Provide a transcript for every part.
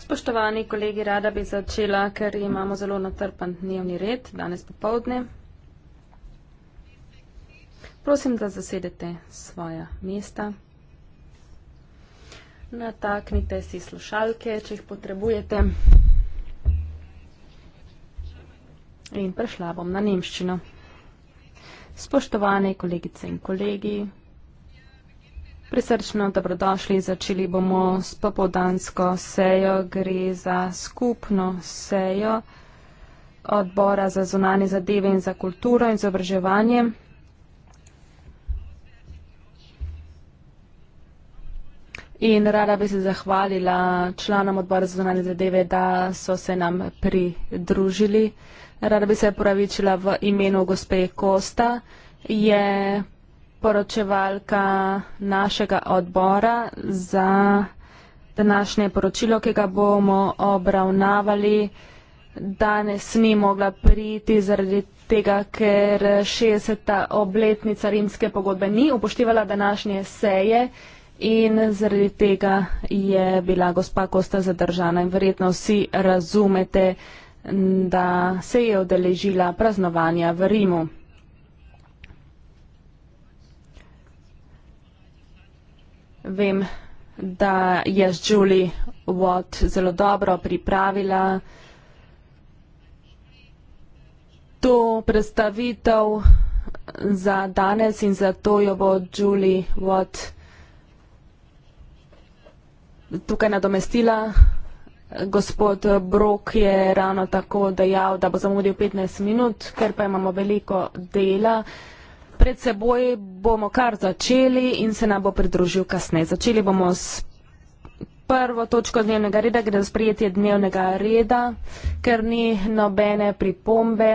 Spoštovani kolegi, rada bi začela, ker imamo zelo natrpan dnevni red danes popovdne. Prosim, da zasedete svoja mesta. Nataknite si slušalke, če jih potrebujete. In prešla bom na nemščino. Spoštovane kolegice in kolegi, Prisrčno dobrodošli. Začeli bomo s popodansko sejo. Gre za skupno sejo odbora za zunanje zadeve in za kulturo in izobraževanje. In rada bi se zahvalila članom odbora za zunanje zadeve, da so se nam pridružili. Rada bi se opravičila v imenu gospe Kosta. Je poročevalka našega odbora za današnje poročilo, ki ga bomo obravnavali. Danes ni mogla priti zaradi tega, ker 60. obletnica rimske pogodbe ni upoštevala današnje seje in zaradi tega je bila gospa Kosta zadržana. In verjetno vsi razumete, da se je odeležila praznovanja v Rimu. vem, da je z Julie Watt zelo dobro pripravila to predstavitev za danes in zato jo bo Julie Watt tukaj nadomestila. Gospod Brok je ravno tako dejal, da bo zamudil 15 minut, ker pa imamo veliko dela pred seboj bomo kar začeli in se nam bo pridružil kasneje. Začeli bomo s prvo točko dnevnega reda, gre za sprejetje dnevnega reda, ker ni nobene pripombe.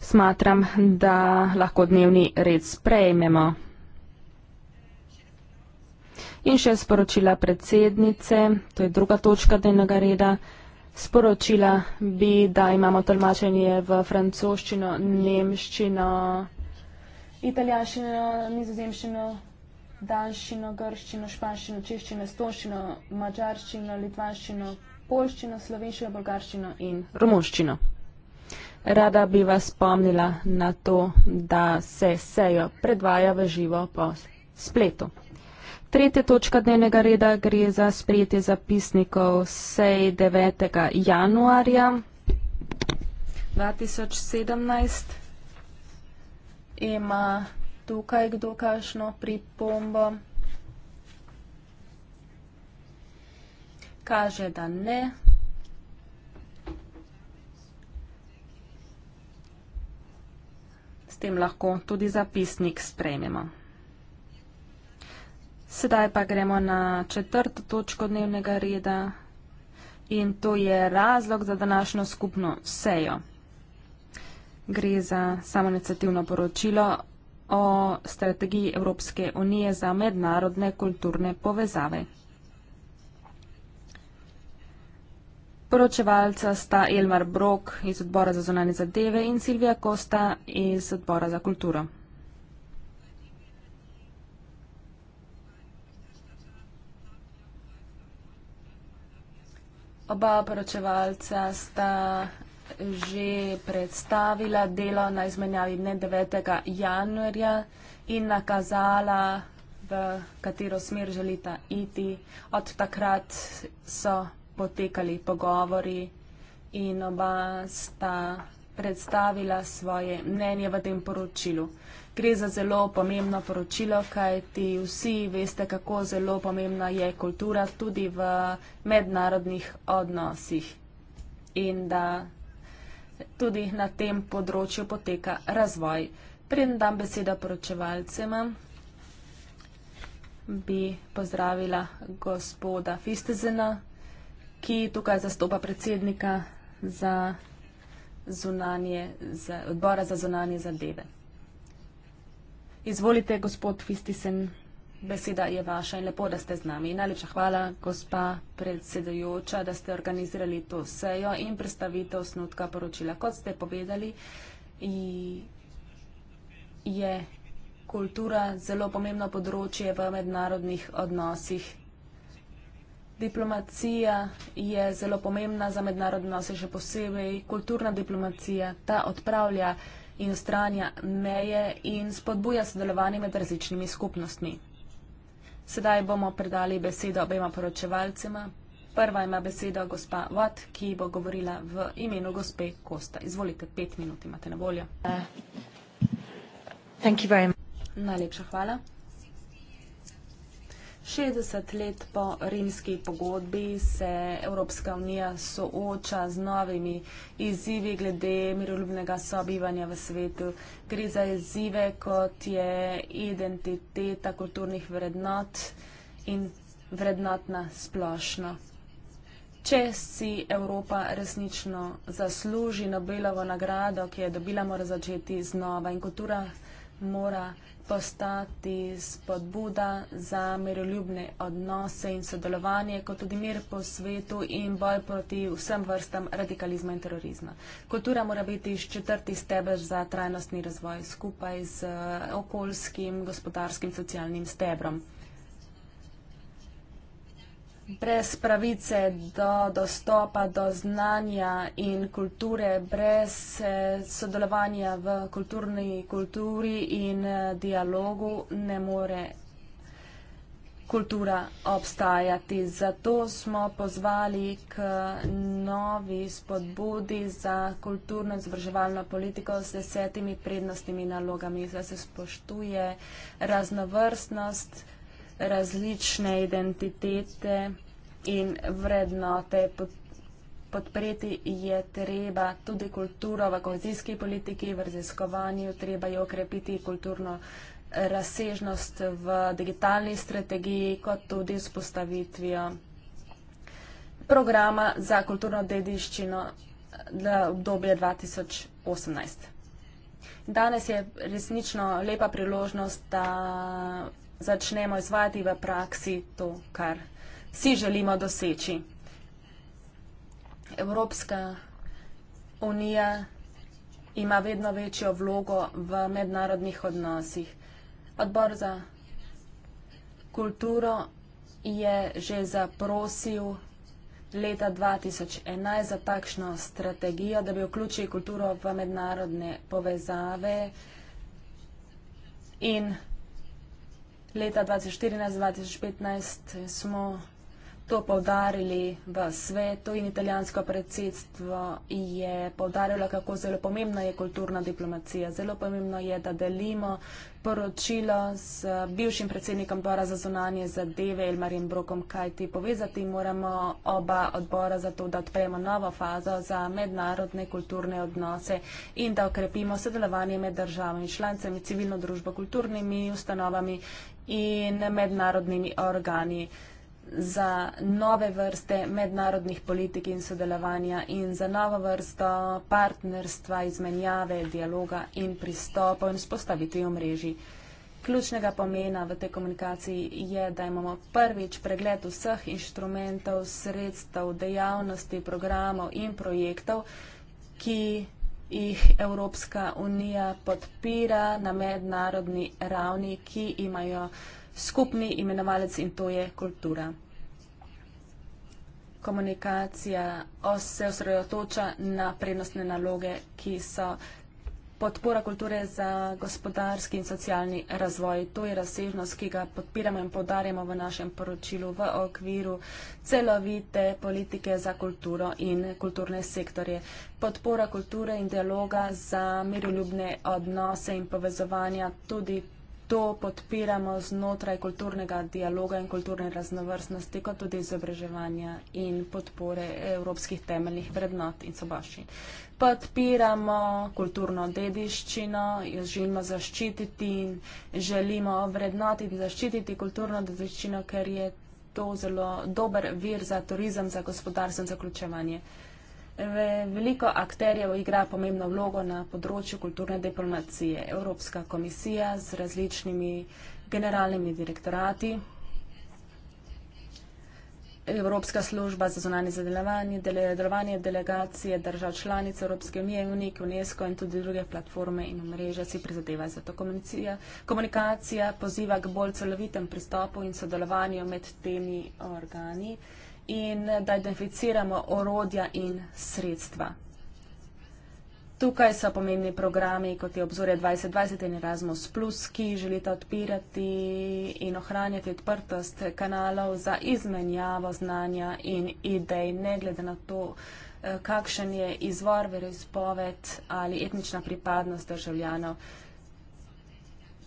Smatram, da lahko dnevni red sprejmemo. In še sporočila predsednice, to je druga točka dnevnega reda sporočila bi, da imamo tolmačenje v francoščino, nemščino, italijanščino, nizozemščino, danščino, grščino, španščino, češčino, stoščino, mačarščino, litvanščino, polščino, slovenščino, bolgarščino in romunščino. Rada bi vas spomnila na to, da se sejo predvaja v živo po spletu. Tretja točka dnevnega reda gre za sprejetje zapisnikov sej 9. januarja 2017. Ima tukaj kdo kašno pripombo? Kaže, da ne. S tem lahko tudi zapisnik sprejmemo. Sedaj pa gremo na četrto točko dnevnega reda in to je razlog za današnjo skupno sejo. Gre za samonicativno poročilo o strategiji Evropske unije za mednarodne kulturne povezave. Poročevalca sta Elmar Brok iz odbora za zonanje zadeve in Silvija Kosta iz odbora za kulturo. Oba poročevalca sta že predstavila delo na izmenjavi dne 9. januarja in nakazala, v katero smer želita iti. Od takrat so potekali pogovori in oba sta predstavila svoje mnenje v tem poročilu gre za zelo pomembno poročilo, kajti vsi veste, kako zelo pomembna je kultura tudi v mednarodnih odnosih in da tudi na tem področju poteka razvoj. Preden dam besedo poročevalcema, bi pozdravila gospoda Fistezena, ki tukaj zastopa predsednika za zunanje, za, odbora za zunanje zadeve. Izvolite, gospod Fistisen. Beseda je vaša in lepo, da ste z nami. Najlepša hvala, gospa predsedujoča, da ste organizirali to sejo in predstavitev snutka poročila. Kot ste povedali, je kultura zelo pomembno področje v mednarodnih odnosih. Diplomacija je zelo pomembna za mednarodne odnose, še posebej kulturna diplomacija. Ta odpravlja in ustranja meje in spodbuja sodelovanje med različnimi skupnostmi. Sedaj bomo predali besedo obema poročevalcema. Prva ima besedo gospa Vat, ki bo govorila v imenu gospe Kosta. Izvolite, pet minut imate na voljo. Uh, Najlepša hvala. 60 let po rimski pogodbi se Evropska unija sooča z novimi izzivi glede miroljubnega sobivanja v svetu. Gre za izzive, kot je identiteta kulturnih vrednot in vrednotna splošno. Če si Evropa resnično zasluži Nobelovo nagrado, ki je dobila, mora začeti znova in kultura mora postati spodbuda za miroljubne odnose in sodelovanje, kot tudi mir po svetu in boj proti vsem vrstam radikalizma in terorizma. Kultura mora biti četrti stebr za trajnostni razvoj skupaj z okoljskim, gospodarskim, socialnim stebrom brez pravice do dostopa do znanja in kulture, brez eh, sodelovanja v kulturni kulturi in eh, dialogu ne more kultura obstajati. Zato smo pozvali k novi spodbudi za kulturno izobraževalno politiko s desetimi prednostnimi nalogami, da se spoštuje raznovrstnost različne identitete in vrednote. Podpreti je treba tudi kulturo v kohezijski politiki, v raziskovanju, treba je okrepiti kulturno razsežnost v digitalni strategiji, kot tudi s postavitvijo programa za kulturno dediščino za obdobje 2018. Danes je resnično lepa priložnost, da začnemo izvajati v praksi to, kar si želimo doseči. Evropska unija ima vedno večjo vlogo v mednarodnih odnosih. Odbor za kulturo je že zaprosil leta 2011 za takšno strategijo, da bi vključili kulturo v mednarodne povezave in vsega leta 2014-2015 smo To povdarili v svetu in italijansko predsedstvo je povdarjalo, kako zelo pomembna je kulturna diplomacija. Zelo pomembno je, da delimo poročilo z bivšim predsednikom odbora za zunanje zadeve Elmarjem Brokom, kajti povezati moramo oba odbora za to, da odpremo novo fazo za mednarodne kulturne odnose in da okrepimo sodelovanje med državami, člancami, civilno družbo, kulturnimi ustanovami in mednarodnimi organi za nove vrste mednarodnih politik in sodelovanja in za novo vrsto partnerstva, izmenjave, dialoga in pristopov in spostavitvi omrežij. Ključnega pomena v tej komunikaciji je, da imamo prvič pregled vseh inštrumentov, sredstev, dejavnosti, programov in projektov, ki jih Evropska unija podpira na mednarodni ravni, ki imajo skupni imenovalec in to je kultura. Komunikacija se osredotoča na prednostne naloge, ki so podpora kulture za gospodarski in socialni razvoj. To je razsežnost, ki ga podpiramo in podarjamo v našem poročilu v okviru celovite politike za kulturo in kulturne sektorje. Podpora kulture in dialoga za miroljubne odnose in povezovanja tudi to podpiramo znotraj kulturnega dialoga in kulturne raznovrstnosti, kot tudi izobraževanja in podpore evropskih temeljnih vrednot in sobaši. Podpiramo kulturno dediščino, jo želimo zaščititi in želimo vrednoti in zaščititi kulturno dediščino, ker je to zelo dober vir za turizem, za gospodarstvo in za vključevanje. Veliko akterjev igra pomembno vlogo na področju kulturne diplomacije. Evropska komisija z različnimi generalnimi direktorati, Evropska služba za zunanje zadelovanje, delovanje delegacije držav članic Evropske unije, UNIK, UNESCO in tudi druge platforme in mreže si prizadeva za to komunikacija. Komunikacija poziva k bolj celovitem pristopu in sodelovanju med temi organi. Uh, in da identificiramo orodja in sredstva. Tukaj so pomembni programi, kot je obzorje 2020 in Erasmus+, Plus, ki želita odpirati in ohranjati odprtost kanalov za izmenjavo znanja in idej, ne glede na to, eh, kakšen je izvor, veroizpoved ali etnična pripadnost državljanov.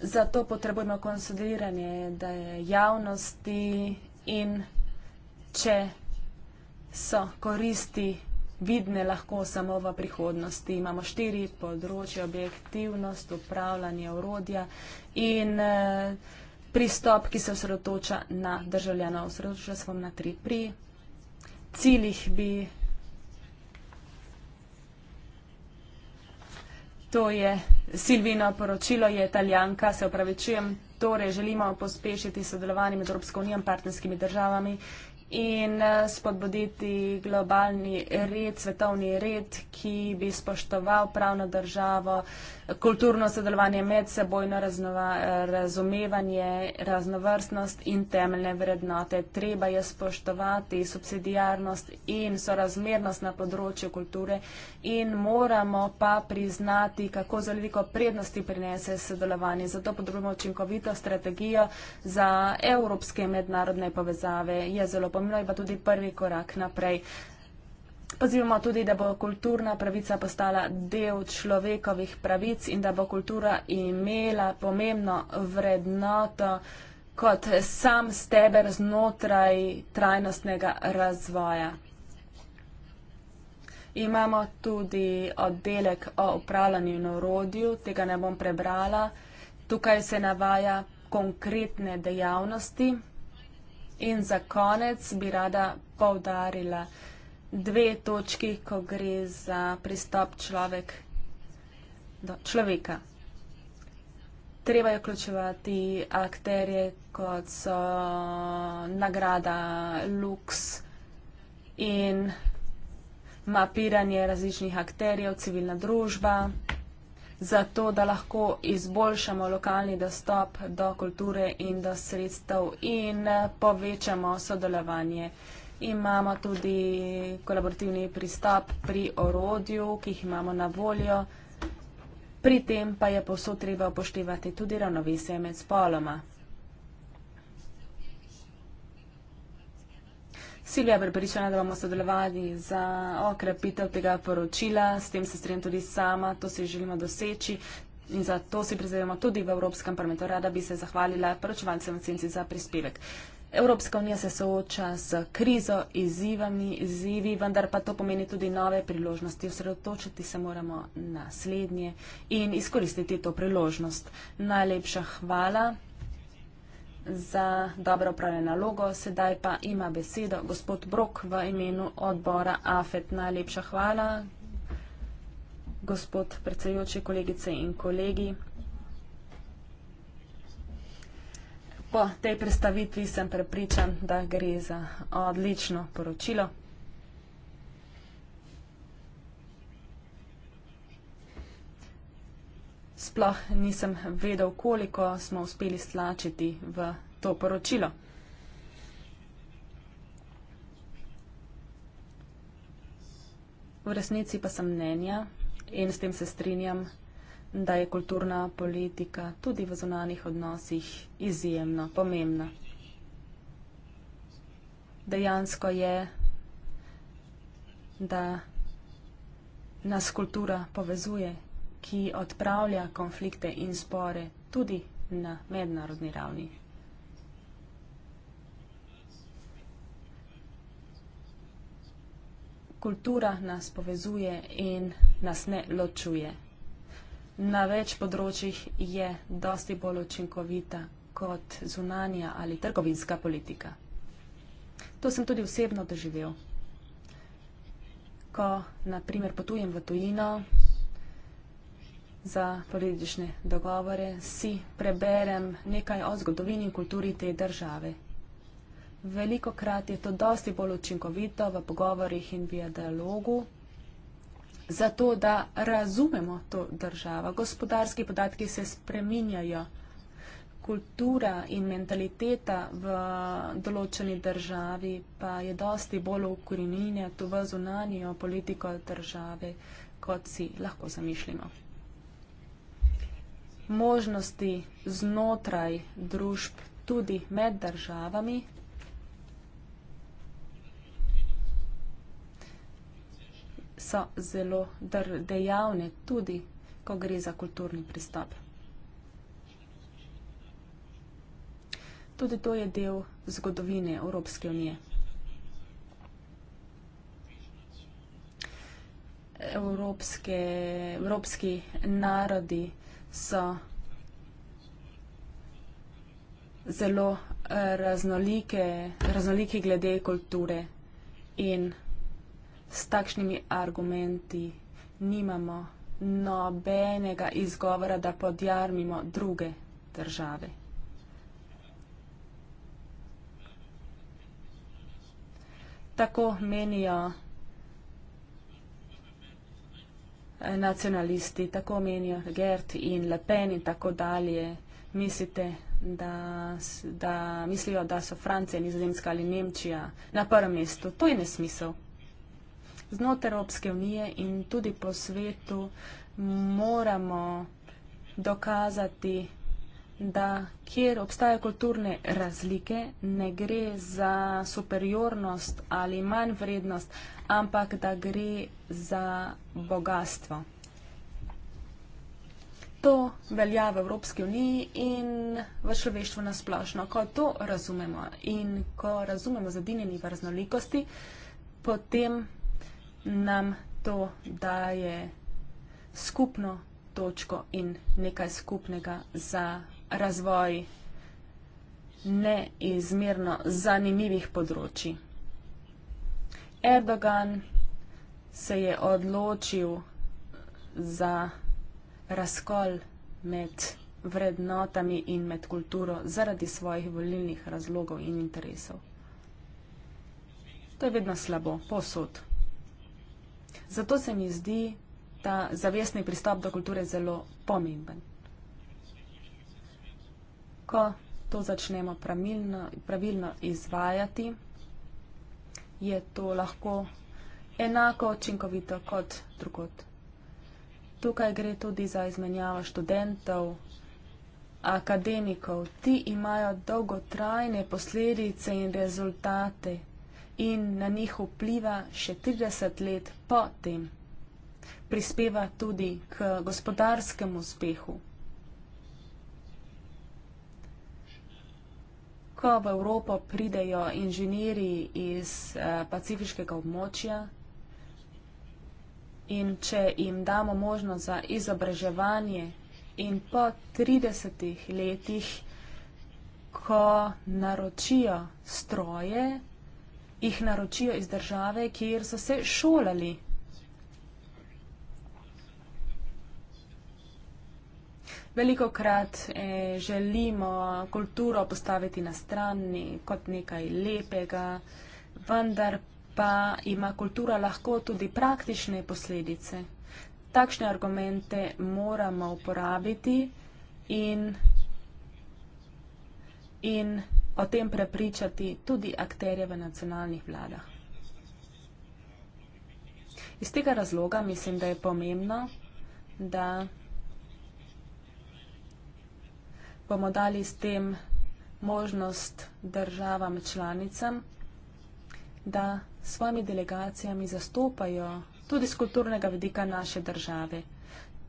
Zato potrebujemo konsolidiranje, da je javnosti in če so koristi vidne lahko samo v prihodnosti. Imamo štiri področje, objektivnost, upravljanje orodja in eh, pristop, ki se osredotoča na državljano. Osredotočila se bom na tri. Pri ciljih bi To je Silvino poročilo, je italijanka, se opravičujem. Torej, želimo pospešiti sodelovanje med Evropsko unijo in partnerskimi državami in eh, spodbuditi globalni red, svetovni red, ki bi spoštoval pravno državo kulturno sodelovanje, medsebojno razumevanje, raznovrstnost in temeljne vrednote. Treba je spoštovati subsidijarnost in sorazmernost na področju kulture in moramo pa priznati, kako zelo veliko prednosti prinese sodelovanje. Zato potrebujemo učinkovito strategijo za evropske mednarodne povezave. Je zelo pomembno in pa tudi prvi korak naprej pozivamo tudi, da bo kulturna pravica postala del človekovih pravic in da bo kultura imela pomembno vrednoto kot sam steber znotraj trajnostnega razvoja. Imamo tudi oddelek o upravljanju in orodju, tega ne bom prebrala. Tukaj se navaja konkretne dejavnosti. In za konec bi rada povdarila, dve točki, ko gre za pristop človek do človeka. Treba je vključevati akterje, kot so nagrada, luks in mapiranje različnih akterjev, civilna družba, zato da lahko izboljšamo lokalni dostop do kulture in do sredstev in povečamo sodelovanje imamo tudi kolaborativni pristop pri orodju, ki jih imamo na voljo. Pri tem pa je posod treba upoštevati tudi ravnovesje med spoloma. Silvija pripričana, da bomo sodelovali za okrepitev tega poročila, s tem se strinjam tudi sama, to si želimo doseči in zato si prizadevamo tudi v Evropskem parlamentu. Rada bi se zahvalila poročevalcem v Cenci za prispevek. Evropska unija se sooča s krizo, izzivami, izzivi, vendar pa to pomeni tudi nove priložnosti. Osredotočiti se moramo na slednje in izkoristiti to priložnost. Najlepša hvala za dobro upravljeno nalogo. Sedaj pa ima besedo gospod Brok v imenu odbora AFET. Najlepša hvala, gospod predsedujoči, kolegice in kolegi. Po tej predstavitvi sem prepričan, da gre za odlično poročilo. Sploh nisem vedel, koliko smo uspeli stlačiti v to poročilo. V resnici pa sem mnenja in s tem se strinjam, da je kulturna politika tudi v zunanih odnosih izjemno pomembna. Dejansko je, da nas kultura povezuje, ki odpravlja konflikte in spore tudi na mednarodni ravni. Kultura nas povezuje in nas ne ločuje na več področjih je dosti bolj učinkovita kot zunanja ali trgovinska politika. To sem tudi osebno doživel. Ko, naprimer, potujem v tujino za politične dogovore, si preberem nekaj o zgodovini in kulturi te države. Veliko krat je to dosti bolj učinkovito v pogovorih in v dialogu, zato da razumemo to državo. Gospodarski podatki se spreminjajo, kultura in mentaliteta v določeni državi pa je dosti bolj ukorenjena tu v zunanjo politiko države, kot si lahko zamišljamo. Možnosti znotraj družb, tudi med državami, so zelo dejavne tudi, ko gre za kulturni pristop. Tudi to je del zgodovine Evropske unije. Evropske, evropski narodi so zelo eh, raznolike, raznolike glede kulture in s takšnimi argumenti nimamo nobenega izgovora, da podjarmimo druge države. Tako menijo nacionalisti, tako menijo Gert in Le Pen in tako dalje. Mislite, da, da mislijo, da so Francija, Nizozemska ali Nemčija na prvem mestu. To je nesmisel znotraj Evropske unije in tudi po svetu moramo dokazati, da kjer obstajajo kulturne razlike, ne gre za superiornost ali manj vrednost, ampak da gre za bogatstvo. To velja v Evropski uniji in v človeštvu nasplošno. Ko to razumemo in ko razumemo zadinjeni v raznolikosti, potem nam to daje skupno točko in nekaj skupnega za razvoj neizmerno zanimivih področji. Erdogan se je odločil za razkol med vrednotami in med kulturo zaradi svojih volilnih razlogov in interesov. To je vedno slabo, posod. Zato se mi zdi ta zavestni pristop do kulture zelo pomemben. Ko to začnemo pravilno, pravilno izvajati, je to lahko enako učinkovito kot drugod. Tukaj gre tudi za izmenjavo študentov, akademikov. Ti imajo dolgotrajne posledice in rezultate in na njih vpliva še 30 let po tem. Prispeva tudi k gospodarskemu uspehu. Ko v Evropo pridejo inženiri iz eh, pacifiškega območja in če jim damo možnost za izobraževanje in po 30 letih, ko naročijo stroje, jih naročijo iz države, kjer so se šolali. Veliko krat eh, želimo kulturo postaviti na strani kot nekaj lepega, vendar pa ima kultura lahko tudi praktične posledice. Takšne argumente moramo uporabiti in, in o tem prepričati tudi akterje v nacionalnih vladah. Iz tega razloga mislim, da je pomembno, da bomo dali s tem možnost državam članicam, da svojimi delegacijami zastopajo tudi z kulturnega vidika naše države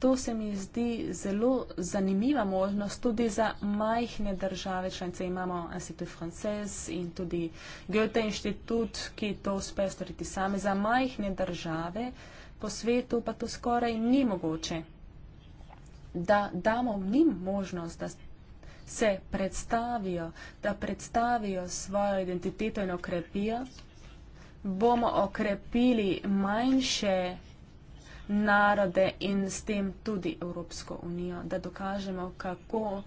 to se mi zdi zelo zanimiva možnost tudi za majhne države članice. Imamo Institut Frances in tudi Goethe inštitut, ki to uspe storiti same. Za majhne države po svetu pa to skoraj ni mogoče, da damo njim možnost, da se predstavijo, da predstavijo svojo identiteto in okrepijo, bomo okrepili manjše narode in s tem tudi Evropsko unijo, da dokažemo, kako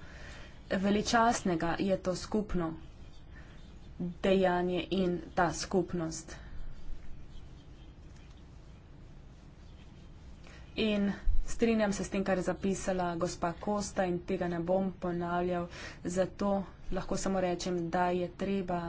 veličasnega je to skupno dejanje in ta skupnost. In strinjam se s tem, kar je zapisala gospa Kosta in tega ne bom ponavljal, zato lahko samo rečem, da je treba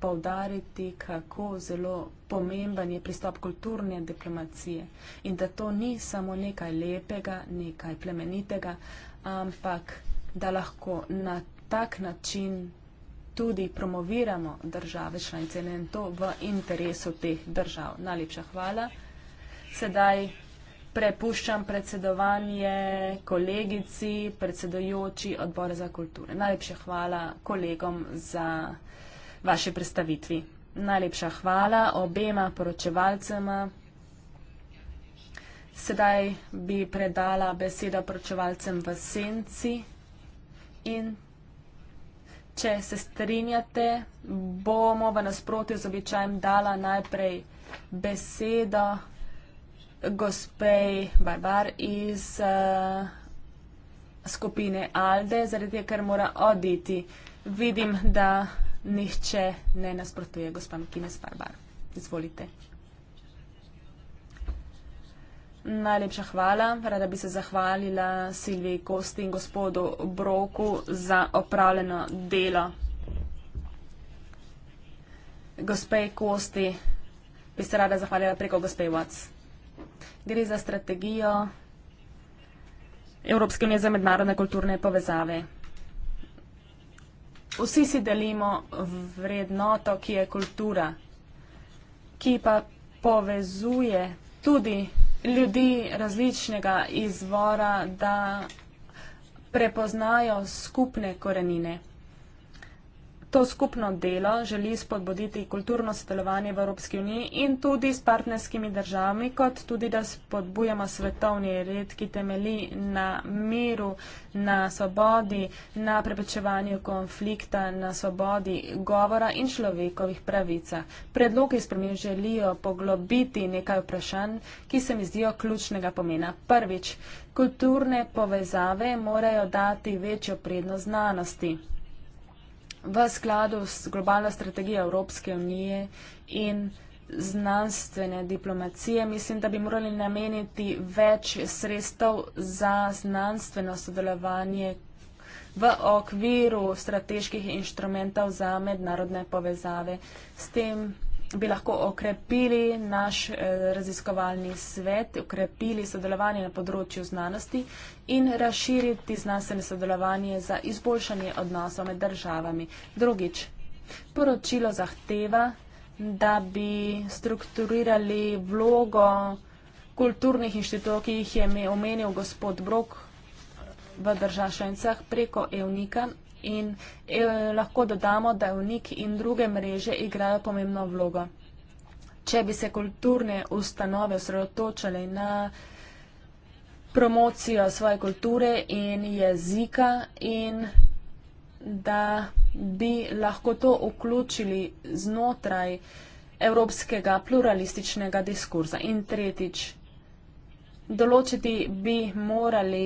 poudariti, kako zelo pomemben je pristop kulturne diplomacije in da to ni samo nekaj lepega, nekaj plemenitega, ampak da lahko na tak način tudi promoviramo države članice in to v interesu teh držav. Najlepša hvala. Sedaj prepuščam predsedovanje kolegici, predsedojoči odbora za kulturo. Najlepša hvala kolegom za vaši predstavitvi. Najlepša hvala obema poročevalcema. Sedaj bi predala besedo poročevalcem v senci in Če se strinjate, bomo v nasprotju z običajem dala najprej besedo gospej Barbar iz uh, skupine Alde, zaradi tega, ker mora oditi. Vidim, da nihče ne nasprotuje, gospa Mikines Farbar. Izvolite. Najlepša hvala. Rada bi se zahvalila Silviji Kosti in gospodu Broku za opravljeno delo. Gospe Kosti bi se rada zahvalila preko gospe Vac. Gre za strategijo Evropske unije za mednarodne kulturne povezave vsi si delimo vrednoto, ki je kultura, ki pa povezuje tudi ljudi različnega izvora, da prepoznajo skupne korenine. To skupno delo želi spodbuditi kulturno sodelovanje v Evropski uniji in tudi s partnerskimi državami, kot tudi da spodbujamo svetovni red, ki temeli na miru, na svobodi, na prepečevanju konflikta, na svobodi govora in človekovih pravica. Predlogi spremljiv želijo poglobiti nekaj vprašanj, ki se mi zdijo ključnega pomena. Prvič, kulturne povezave morajo dati večjo prednost znanosti v skladu s globalno strategijo Evropske unije in znanstvene diplomacije. Mislim, da bi morali nameniti več sredstev za znanstveno sodelovanje v okviru strateških inštrumentov za mednarodne povezave. S tem bi lahko okrepili naš eh, raziskovalni svet, okrepili sodelovanje na področju znanosti in razširiti znanstveno sodelovanje za izboljšanje odnosov med državami. Drugič, poročilo zahteva, da bi strukturirali vlogo kulturnih inštitutov, ki jih je omenil gospod Brok v državšencah preko EUNIKA in eh, lahko dodamo, da vnik in druge mreže igrajo pomembno vlogo. Če bi se kulturne ustanove sredotočale na promocijo svoje kulture in jezika in da bi lahko to vključili znotraj evropskega pluralističnega diskurza. In tretjič, določiti bi morali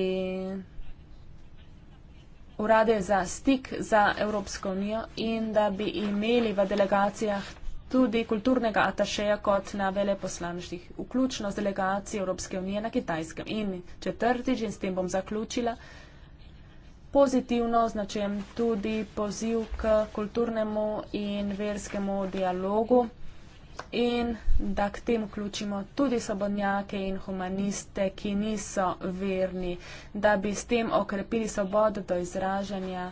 urade za stik za Evropsko unijo in da bi imeli v delegacijah tudi kulturnega atašeja kot na veleposlaništih, vključno z delegacijo Evropske unije na Kitajskem. In četrtič, in s tem bom zaključila, pozitivno značem tudi poziv k kulturnemu in verskemu dialogu in da k tem vključimo tudi sobodnjake in humaniste, ki niso verni, da bi s tem okrepili svobodo do izražanja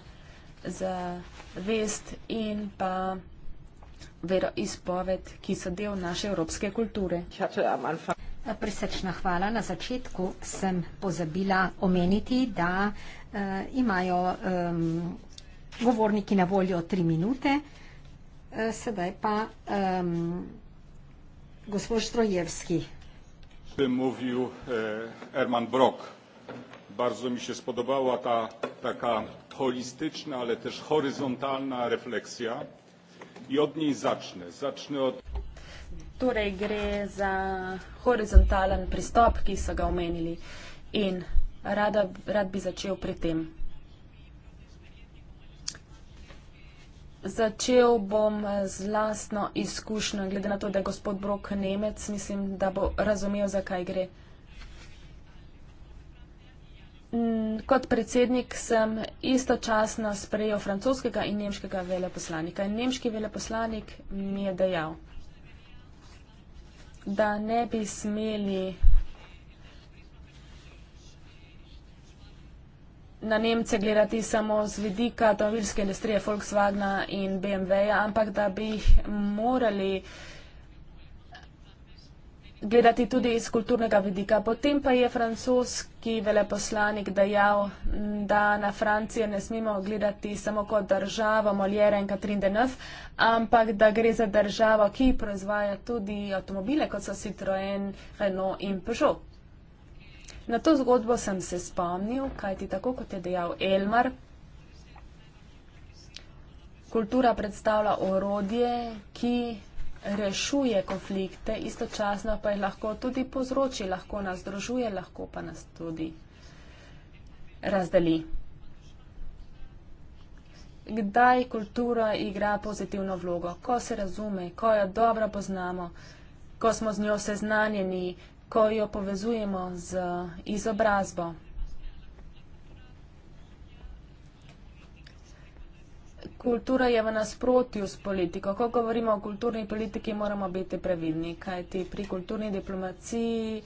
za vest in pa veroizpoved, ki so del naše evropske kulture. Ja, Presečna hvala. Na začetku sem pozabila omeniti, da uh, imajo um, govorniki na voljo tri minute, uh, sedaj pa um, Gospod Strojewski. By mówił e, Herman Brock. Bardzo mi się spodobała ta taka holistyczna, ale też horyzontalna refleksja. I od niej zacznę. Zacznę od. Torej gre za horizontalen pristop, ki so ga omenili. In rada, rad bi začel pri tem. Začel bom z lastno izkušnjo, glede na to, da je gospod Brok Nemec, mislim, da bo razumel, zakaj gre. Mm, kot predsednik sem istočasno sprejel francoskega in nemškega veleposlanika. In nemški veleposlanik mi je dejal, da ne bi smeli na Nemce gledati samo z vidika avtomobilske industrije Volkswagna in BMW-ja, ampak da bi jih morali gledati tudi iz kulturnega vidika. Potem pa je francoski veleposlanik dejal, da na Francijo ne smemo gledati samo kot državo Moljera in Katrin Denov, ampak da gre za državo, ki proizvaja tudi avtomobile, kot so Citroën, Renault in Peugeot. Na to zgodbo sem se spomnil, kajti tako kot je dejal Elmar, kultura predstavlja orodje, ki rešuje konflikte, istočasno pa jih lahko tudi povzroči, lahko nas združuje, lahko pa nas tudi razdeli. Kdaj kultura igra pozitivno vlogo? Ko se razume, ko jo dobro poznamo, ko smo z njo seznanjeni, ko jo povezujemo z izobrazbo. Kultura je v nasprotju s politiko. Ko govorimo o kulturni politiki, moramo biti previdni, kajti pri kulturni diplomaciji eh,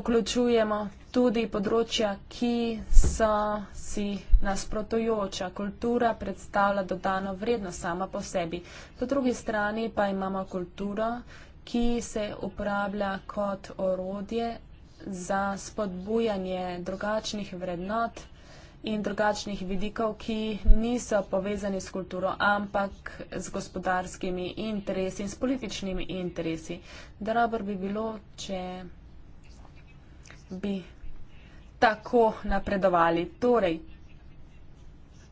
vključujemo tudi področja, ki so si nasprotujoča. Kultura predstavlja dodano vrednost sama po sebi. Po drugi strani pa imamo kulturo, ki se uporablja kot orodje za spodbujanje drugačnih vrednot in drugačnih vidikov, ki niso povezani s kulturo, ampak z gospodarskimi interesi in s političnimi interesi. Dobro bi bilo, če bi tako napredovali. Torej,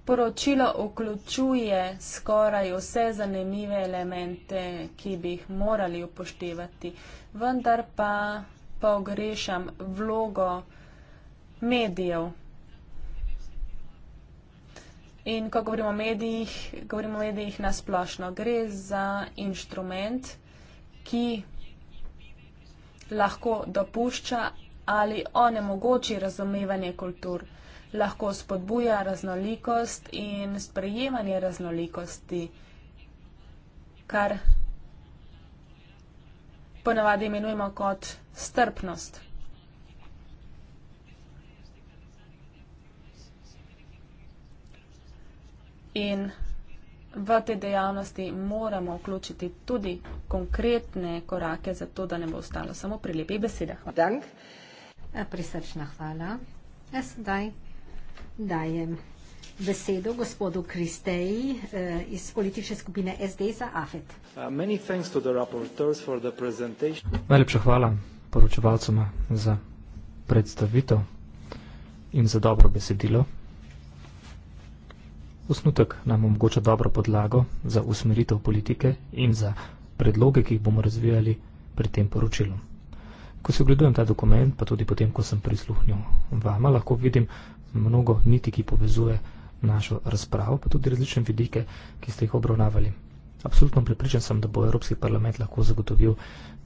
Poročilo vključuje skoraj vse zanimive elemente, ki bi jih morali upoštevati, vendar pa pogrešam vlogo medijev. In ko govorimo o medijih, govorimo o medijih nasplošno. Gre za inštrument, ki lahko dopušča ali onemogoči razumevanje kultur lahko spodbuja raznolikost in sprejemanje raznolikosti, kar ponavadi imenujemo kot strpnost. In v te dejavnosti moramo vključiti tudi konkretne korake, zato da ne bo ostalo samo pri lepih besedah. Hvala. Prisrčna hvala. Sedaj dajem besedo gospodu Kristeji eh, iz politične skupine SD za AFET. Uh, Najlepša hvala poročevalcema za predstavitev in za dobro besedilo. Osnutek nam omogoča dobro podlago za usmeritev politike in za predloge, ki jih bomo razvijali pri tem poročilu. Ko se ogledujem ta dokument, pa tudi potem, ko sem prisluhnil vama, lahko vidim, mnogo niti, ki povezuje našo razpravo, pa tudi različne vidike, ki ste jih obravnavali. Absolutno prepričan sem, da bo Evropski parlament lahko zagotovil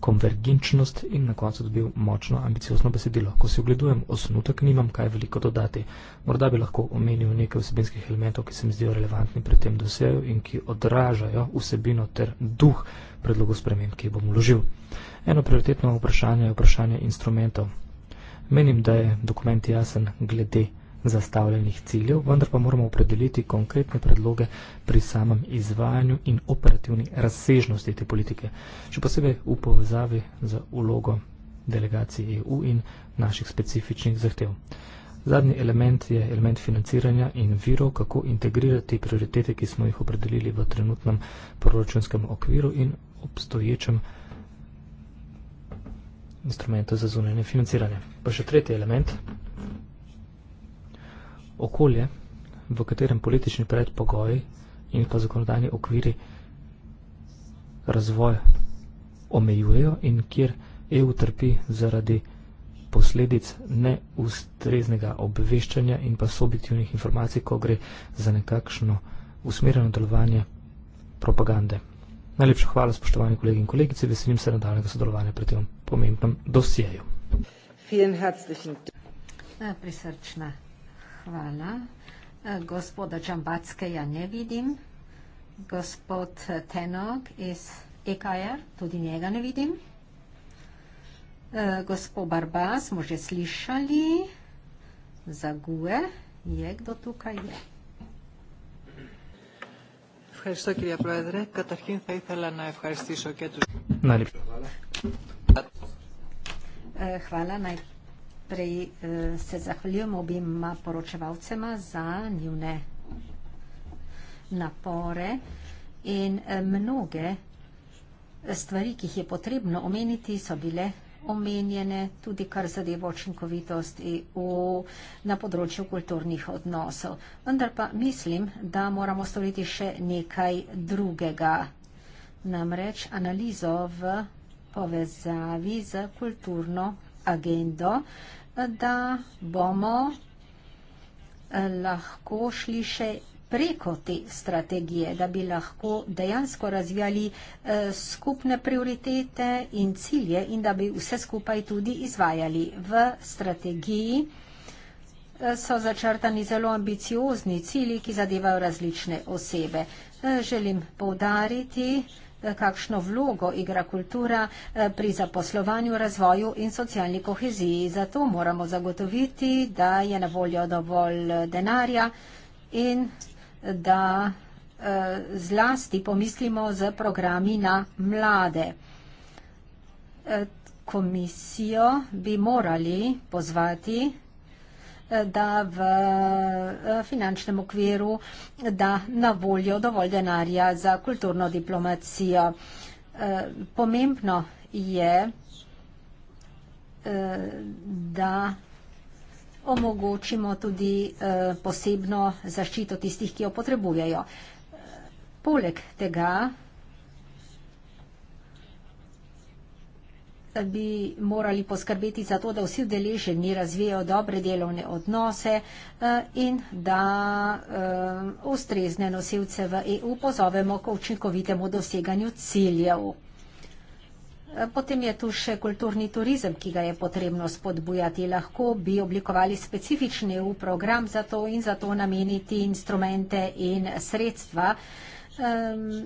konvergenčnost in na koncu dobil močno ambiciozno besedilo. Ko si ogledujem osnutek, nimam kaj veliko dodati. Morda bi lahko omenil nekaj vsebinskih elementov, ki se mi zdijo relevantni pri tem doseju in ki odražajo vsebino ter duh predlogu sprememb, ki jih bom vložil. Eno prioritetno vprašanje je vprašanje instrumentov. Menim, da je dokument jasen glede zastavljenih ciljev, vendar pa moramo opredeliti konkretne predloge pri samem izvajanju in operativni razsežnosti te politike, še posebej v povezavi z ulogo delegacije EU in naših specifičnih zahtev. Zadnji element je element financiranja in virov, kako integrirati prioritete, ki smo jih opredelili v trenutnem proračunskem okviru in obstoječem instrumentu za zunanje financiranje. Pa še tretji element okolje, v katerem politični predpogoji in pa zakonodajni okviri razvoj omejujejo in kjer EU trpi zaradi posledic neustreznega obveščanja in pa subjektivnih informacij, ko gre za nekakšno usmerjeno delovanje propagande. Najlepša hvala, spoštovani kolegi in kolegice, veselim se nadaljnega sodelovanja pri tem pomembnem dosjeju. Najprej srčna. Hvala. E, gospoda Čambatske ja ne vidim. Gospod Tenog iz EKR, tudi njega ne vidim. E, gospod Barba smo že slišali. Zague, je kdo tukaj je? Najlepša hvala. E, hvala, najprej Najprej eh, se zahvaljujem obima poročevalcema za njune napore in eh, mnoge stvari, ki jih je potrebno omeniti, so bile omenjene tudi kar zadevo očinkovitost EU na področju kulturnih odnosov. Vendar pa mislim, da moramo storiti še nekaj drugega, namreč analizo v povezavi z kulturno agendo, da bomo eh, lahko šli še preko te strategije, da bi lahko dejansko razvijali eh, skupne prioritete in cilje in da bi vse skupaj tudi izvajali. V strategiji eh, so začrtani zelo ambiciozni cilji, ki zadevajo različne osebe. Želim povdariti, da bomo kakšno vlogo igra kultura eh, pri zaposlovanju, razvoju in socialni koheziji. Zato moramo zagotoviti, da je na voljo dovolj eh, denarja in eh, da zlasti pomislimo z programi na mlade. Komisijo bi morali pozvati, da v eh, finančnem okviru da na voljo dovolj denarja za kulturno diplomacijo. Eh, pomembno je, eh, da omogočimo tudi posebno zaščito tistih, ki jo potrebujejo. Poleg tega bi morali poskrbeti za to, da vsi udeleženi razvijajo dobre delovne odnose eh, in da eh, ustrezne nosilce v EU pozovemo k učinkovitemu doseganju ciljev. Eh, potem je tu še kulturni turizem, ki ga je potrebno spodbujati. Lahko bi oblikovali specifični EU program za to in za to nameniti instrumente in sredstva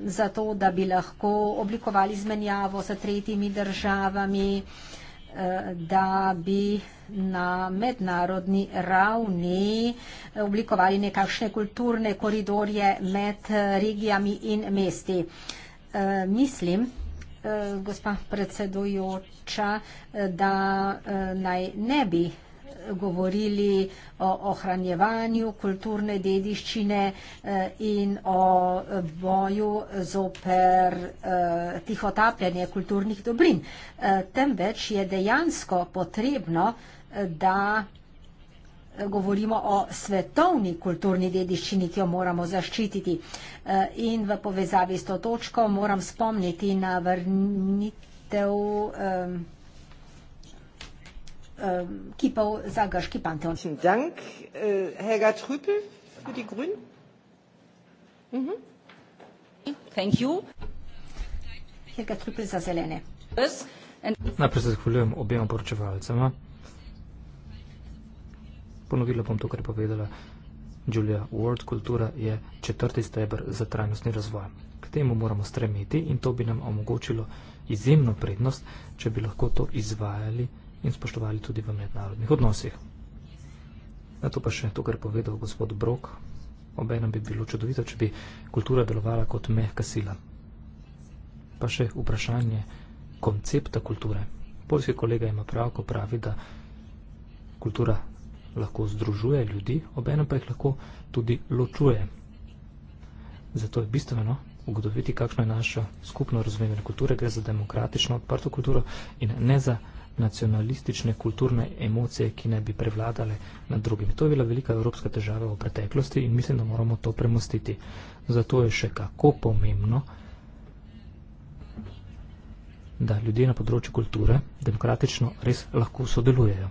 zato da bi lahko oblikovali zmenjavo s tretjimi državami, eh, da bi na mednarodni ravni oblikovali nekakšne kulturne koridorje med eh, regijami in mesti. Mislim, eh, gospa predsedujoča, da naj ne bi govorili o ohranjevanju kulturne dediščine eh, in o eh, boju zoper eh, tihotapljanje kulturnih dobrin. Temveč je dejansko potrebno, da govorimo o svetovni kulturni dediščini, ki jo moramo zaščititi. In v povezavi s to točko moram spomniti na vrnitev Ähm, kipov za grški panteon. Dank, äh, Helga Trüpel, tudi Grün. Mhm. Thank you. Helga Trüpel za zelene. Najprej se zahvaljujem objema poročevalcema. Ponovila bom to, kar je povedala Julia Ward. Kultura je četrti stebr za trajnostni razvoj. K temu moramo stremeti in to bi nam omogočilo izjemno prednost, če bi lahko to izvajali vsega in spoštovali tudi v mednarodnih odnosih. Na to pa še to, kar je povedal gospod Brok. Obenem bi bilo čudovito, če bi kultura delovala kot mehka sila. Pa še vprašanje koncepta kulture. Poljski kolega ima prav, ko pravi, da kultura lahko združuje ljudi, obenem pa jih lahko tudi ločuje. Zato je bistveno ugotoviti, kakšno je naša skupno razumevanje kulture. Gre za demokratično odprto kulturo in ne za nacionalistične kulturne emocije, ki ne bi prevladale nad drugimi. To je bila velika evropska težava v preteklosti in mislim, da moramo to premostiti. Zato je še kako pomembno, da ljudje na področju kulture demokratično res lahko sodelujejo.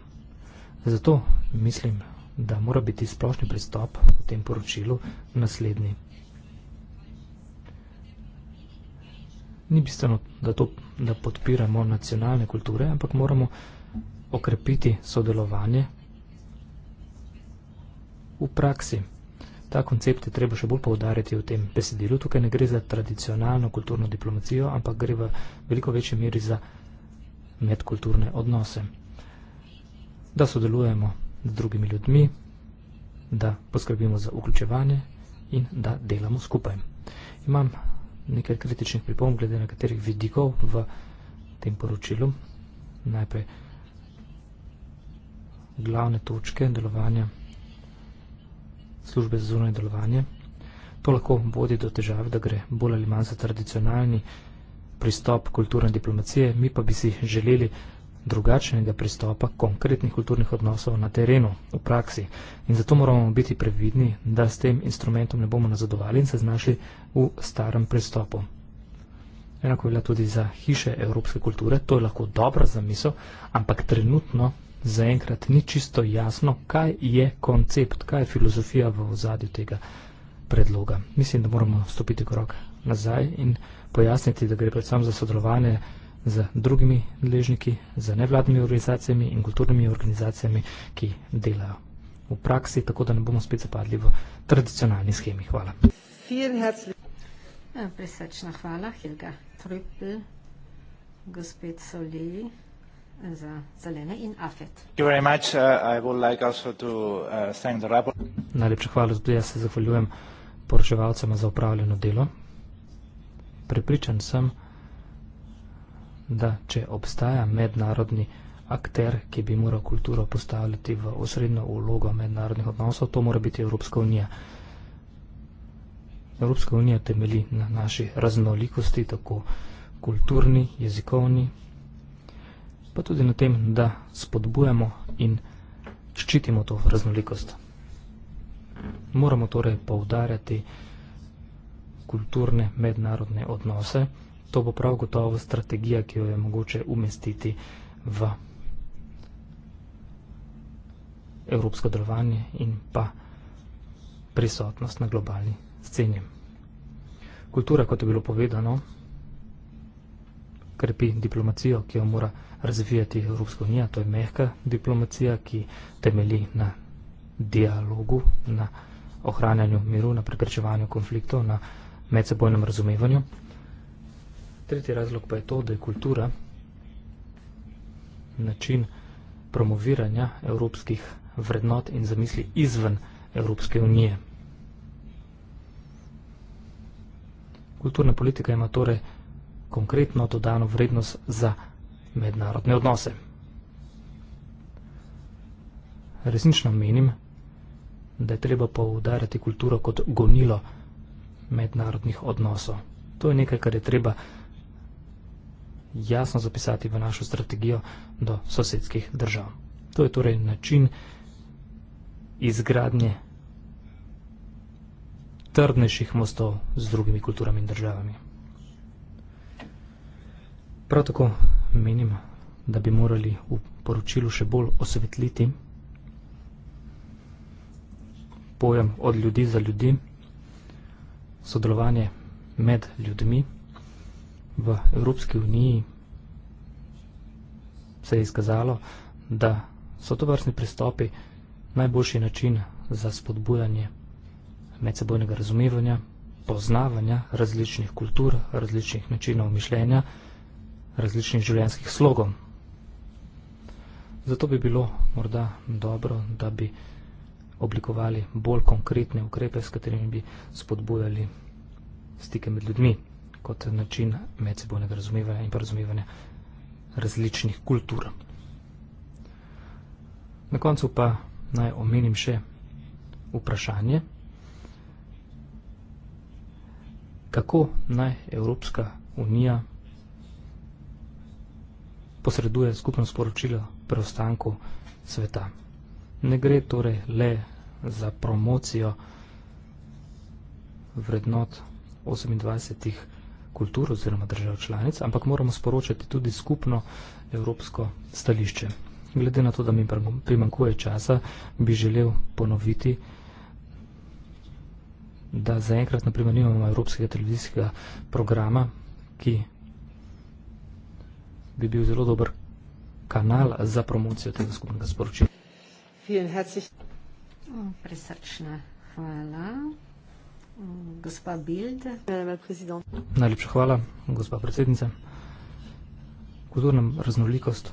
Zato mislim, da mora biti splošni pristop v tem poročilu naslednji. ni bistveno, da, to, da podpiramo nacionalne kulture, ampak moramo okrepiti sodelovanje v praksi. Ta koncept je treba še bolj povdariti v tem besedilu. Tukaj ne gre za tradicionalno kulturno diplomacijo, ampak gre v veliko večji meri za medkulturne odnose. Da sodelujemo z drugimi ljudmi, da poskrbimo za vključevanje in da delamo skupaj. Imam nekaj kritičnih pripomb, glede na katerih vidikov v tem poročilu. Najprej glavne točke delovanja službe za zunanje delovanje. To lahko vodi do težave, da gre bolj ali manj za tradicionalni pristop kulturne diplomacije, mi pa bi si želeli drugačnega pristopa konkretnih kulturnih odnosov na terenu, v praksi. In zato moramo biti previdni, da s tem instrumentom ne bomo nazadovali in se znašli v starem pristopu. Enako velja tudi za hiše evropske kulture, to je lahko dobra zamisel, ampak trenutno zaenkrat ni čisto jasno, kaj je koncept, kaj je filozofija v ozadju tega predloga. Mislim, da moramo stopiti korak nazaj in pojasniti, da gre predvsem za sodelovanje z drugimi deležniki, z nevladnimi organizacijami in kulturnimi organizacijami, ki delajo v praksi, tako da ne bomo spet zapadli v tradicionalni schemi. Hvala. Ja, Presečna hvala, Helga Trüppel, gospod Soli za Zelene in Afet. Uh, like uh, Najlepša hvala, tudi jaz se zahvaljujem poročevalcema za upravljeno delo. Pripričan sem, da če obstaja mednarodni akter, ki bi moral kulturo postavljati v osrednjo vlogo mednarodnih odnosov, to mora biti Evropska unija. Evropska unija temeli na naši raznolikosti, tako kulturni, jezikovni, pa tudi na tem, da spodbujamo in ščitimo to raznolikost. Moramo torej poudarjati kulturne mednarodne odnose to bo prav gotovo strategija, ki jo je mogoče umestiti v evropsko delovanje in pa prisotnost na globalni sceni. Kultura, kot je bilo povedano, krepi diplomacijo, ki jo mora razvijati Evropska unija. To je mehka diplomacija, ki temeli na dialogu, na ohranjanju miru, na preprečevanju konfliktov, na medsebojnem razumevanju. Tretji razlog pa je to, da je kultura način promoviranja evropskih vrednot in zamisli izven Evropske unije. Kulturna politika ima torej konkretno dodano vrednost za mednarodne odnose. Resnično menim, da je treba poudarjati kulturo kot gonilo mednarodnih odnosov. To je nekaj, kar je treba vrednost jasno zapisati v našo strategijo do sosedskih držav. To je torej način izgradnje trdnejših mostov z drugimi kulturami in državami. Prav tako menim, da bi morali v poročilu še bolj osvetliti pojem od ljudi za ljudi, sodelovanje med ljudmi, v Evropski uniji se je izkazalo, da so to vrstni pristopi najboljši način za spodbujanje medsebojnega razumevanja, poznavanja različnih kultur, različnih načinov mišljenja, različnih življenjskih slogov. Zato bi bilo morda dobro, da bi oblikovali bolj konkretne ukrepe, s katerimi bi spodbujali stike med ljudmi kot način medsebojnega razumevanja in porazumevanja različnih kultur. Na koncu pa naj omenim še vprašanje, kako naj Evropska unija posreduje skupno sporočilo preostanku sveta. Ne gre torej le za promocijo vrednot 28 kultur oziroma držav članic, ampak moramo sporočati tudi skupno evropsko stališče. Glede na to, da mi primankuje časa, bi želel ponoviti, da zaenkrat naprimer nimamo evropskega televizijskega programa, ki bi bil zelo dober kanal za promocijo tega skupnega sporočila. Vielen herzlichen Dank. Oh, Presrčna hvala. Gospa Bild. Najlepša hvala, gospa predsednica. Kulturna raznolikost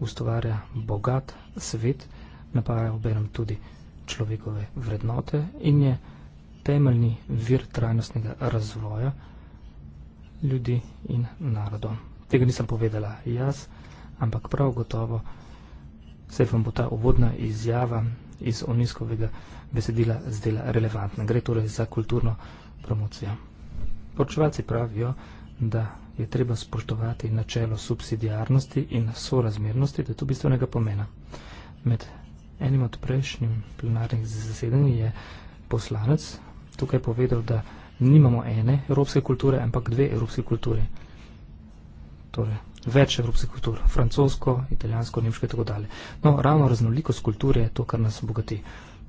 ustvarja bogat svet, napaja obenem tudi človekove vrednote in je temeljni vir trajnostnega razvoja ljudi in narodo. Tega nisem povedala jaz, ampak prav gotovo se vam bo ta uvodna izjava iz Oniskovega besedila zdela relevantna. Gre torej za kulturno promocijo. Poročevalci pravijo, da je treba spoštovati načelo subsidijarnosti in sorazmernosti, da je to bistvenega pomena. Med enim od prejšnjih plenarnih zasedanj je poslanec tukaj povedal, da nimamo ene evropske kulture, ampak dve evropske kulture. Torej, več evropskih kultur, francosko, italijansko, nemško in tako dalje. No, ravno raznolikost kulture je to, kar nas bogati.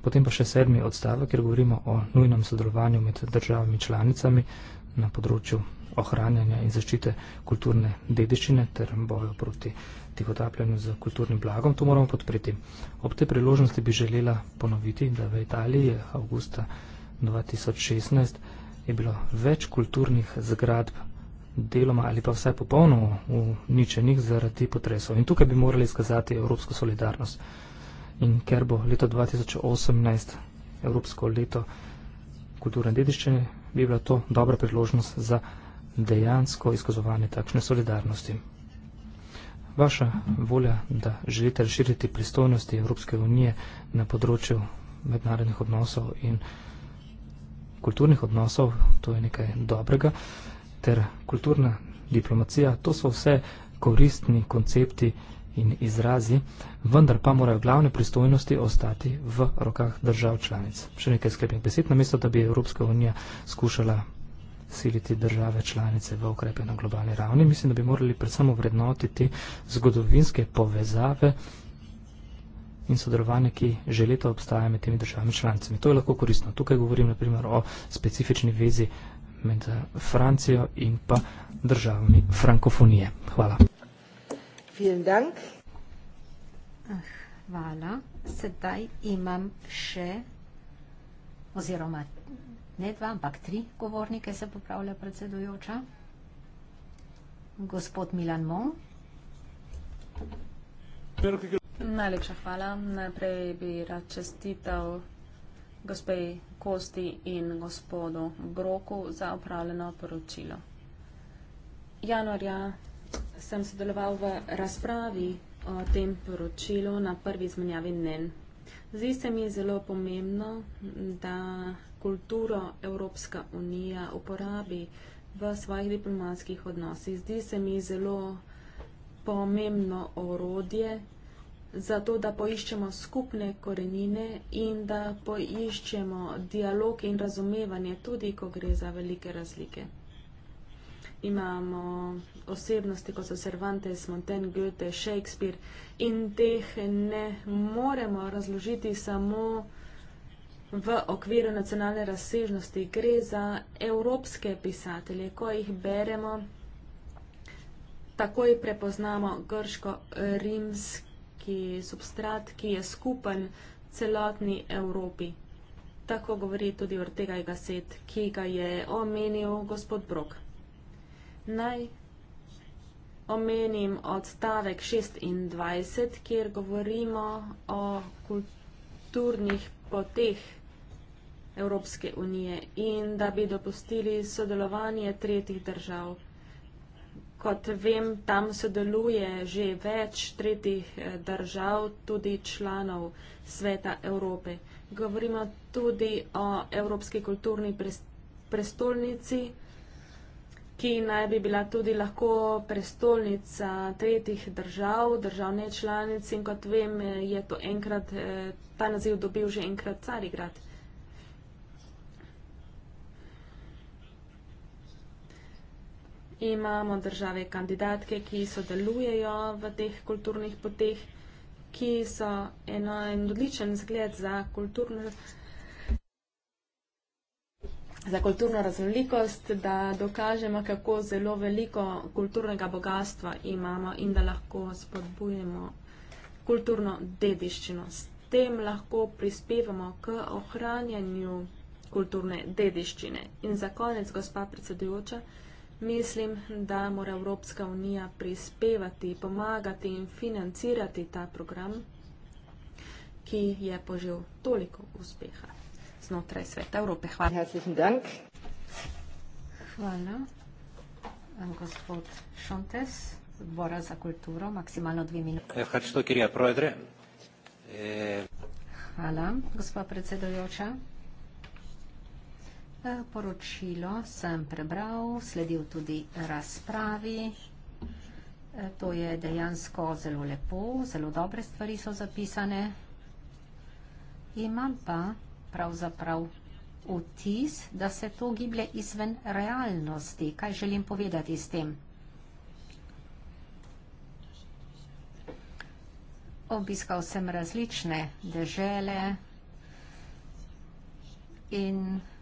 Potem pa še sedmi odstavek, kjer govorimo o nujnem sodelovanju med državami članicami na področju ohranjanja in zaščite kulturne dediščine ter boju proti tihotapljanju z kulturnim blagom. To moramo podpreti. Ob te priložnosti bi želela ponoviti, da v Italiji avgusta 2016 je bilo več kulturnih zgradb deloma ali pa vsaj popolno uničenih zaradi potresov. In tukaj bi morali izkazati evropsko solidarnost in ker bo leto 2018 Evropsko leto kulturne dediščine, bi bila to dobra priložnost za dejansko izkazovanje takšne solidarnosti. Vaša volja, da želite razširiti pristojnosti Evropske unije na področju mednarodnih odnosov in kulturnih odnosov, to je nekaj dobrega, ter kulturna diplomacija, to so vse koristni koncepti, in izrazi, vendar pa morajo glavne pristojnosti ostati v rokah držav članic. Še nekaj sklepnih besed, namesto da bi Evropska unija skušala siliti države članice v ukrepe na globalni ravni, mislim, da bi morali predvsem vrednotiti zgodovinske povezave in sodelovanje, ki že leto obstaja med temi državami članicami. To je lahko koristno. Tukaj govorim naprimer o specifični vezi med Francijo in pa državami frankofonije. Hvala. Vielen Dank. Ah, hvala. Sedaj imam še oziroma ne dva, ampak tri govornike se popravlja predsedujoča. Gospod Milan Mon. Najlepša hvala. Najprej bi rad čestitev gospej Kosti in gospodu Broku za upravljeno poročilo. Januarja sem sodeloval v razpravi o tem poročilu na prvi izmenjavi mnen. Zdi se mi zelo pomembno, da kulturo Evropska unija uporabi v svojih diplomatskih odnosih. Zdi se mi zelo pomembno orodje za to, da poiščemo skupne korenine in da poiščemo dialog in razumevanje, tudi ko gre za velike razlike imamo osebnosti, kot so Cervantes, Montaigne, Goethe, Shakespeare in teh ne moremo razložiti samo v okviru nacionalne razsežnosti. Gre za evropske pisatelje, ko jih beremo, takoj prepoznamo grško-rimski substrat, ki je skupen celotni Evropi. Tako govori tudi Ortega Gasset, ki ga je omenil gospod Brok. Naj omenim odstavek 26, kjer govorimo o kulturnih poteh Evropske unije in da bi dopustili sodelovanje tretjih držav. Kot vem, tam sodeluje že več tretjih eh, držav, tudi članov Sveta Evrope. Govorimo tudi o Evropski kulturni prestolnici ki naj bi bila tudi lahko prestolnica tretjih držav, državne članice in kot vem, je to enkrat, eh, ta naziv dobil že enkrat Carigrad. Imamo države kandidatke, ki sodelujejo v teh kulturnih poteh, ki so eno en odličen zgled za kulturno za kulturno raznolikost, da dokažemo, kako zelo veliko kulturnega bogatstva imamo in da lahko spodbujemo kulturno dediščino. S tem lahko prispevamo k ohranjanju kulturne dediščine. In za konec, gospa predsedujoča, mislim, da mora Evropska unija prispevati, pomagati in financirati ta program, ki je požel toliko uspeha znotraj Sveta Evrope. Hvala. Hvala. Gospod Šontes, odbora za kulturo, maksimalno dve minute. Hvala, gospod predsedojoča. E, poročilo sem prebral, sledil tudi razpravi. E, to je dejansko zelo lepo, zelo dobre stvari so zapisane. Imam pa pravzaprav vtis, da se to giblje izven realnosti. Kaj želim povedati s tem? Obiskal sem različne dežele in različne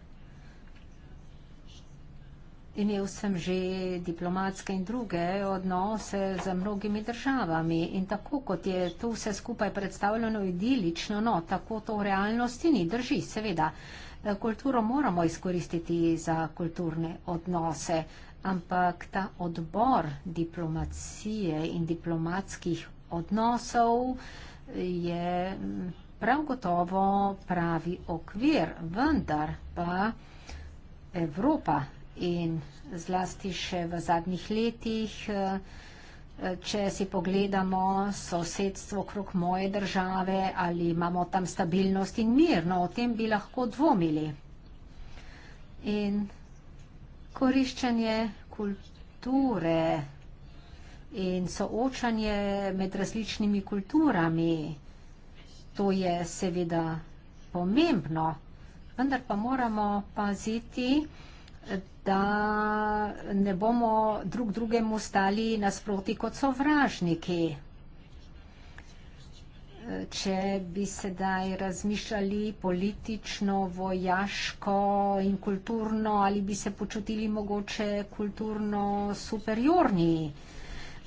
Imel sem že diplomatske in druge odnose z mnogimi državami in tako kot je to vse skupaj predstavljeno idilično, no, tako to v realnosti ni. Drži, seveda, kulturo moramo izkoristiti za kulturne odnose, ampak ta odbor diplomacije in diplomatskih odnosov je mm, prav gotovo pravi okvir, vendar pa. Evropa in zlasti še v zadnjih letih. Eh, če si pogledamo sosedstvo okrog moje države, ali imamo tam stabilnost in mir, no o tem bi lahko dvomili. In koriščenje kulture in soočanje med različnimi kulturami, to je seveda pomembno, vendar pa moramo paziti, da da ne bomo drug drugemu stali nasproti kot sovražniki. Če bi sedaj razmišljali politično, vojaško in kulturno, ali bi se počutili mogoče kulturno superiorni.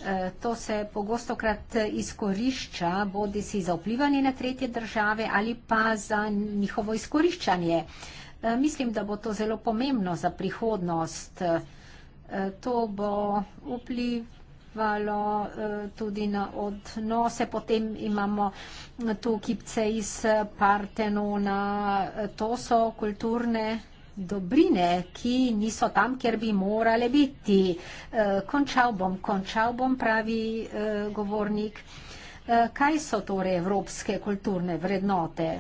E, to se pogostokrat izkorišča, bodi si za vplivanje na tretje države ali pa za njihovo izkoriščanje. Eh, mislim, da bo to zelo pomembno za prihodnost. Eh, to bo vpliv eh, tudi na odnose. Potem imamo tu kipce iz Partenona. To so kulturne dobrine, ki niso tam, kjer bi morale biti. Končal bom, končal bom, pravi govornik. Kaj so torej evropske kulturne vrednote?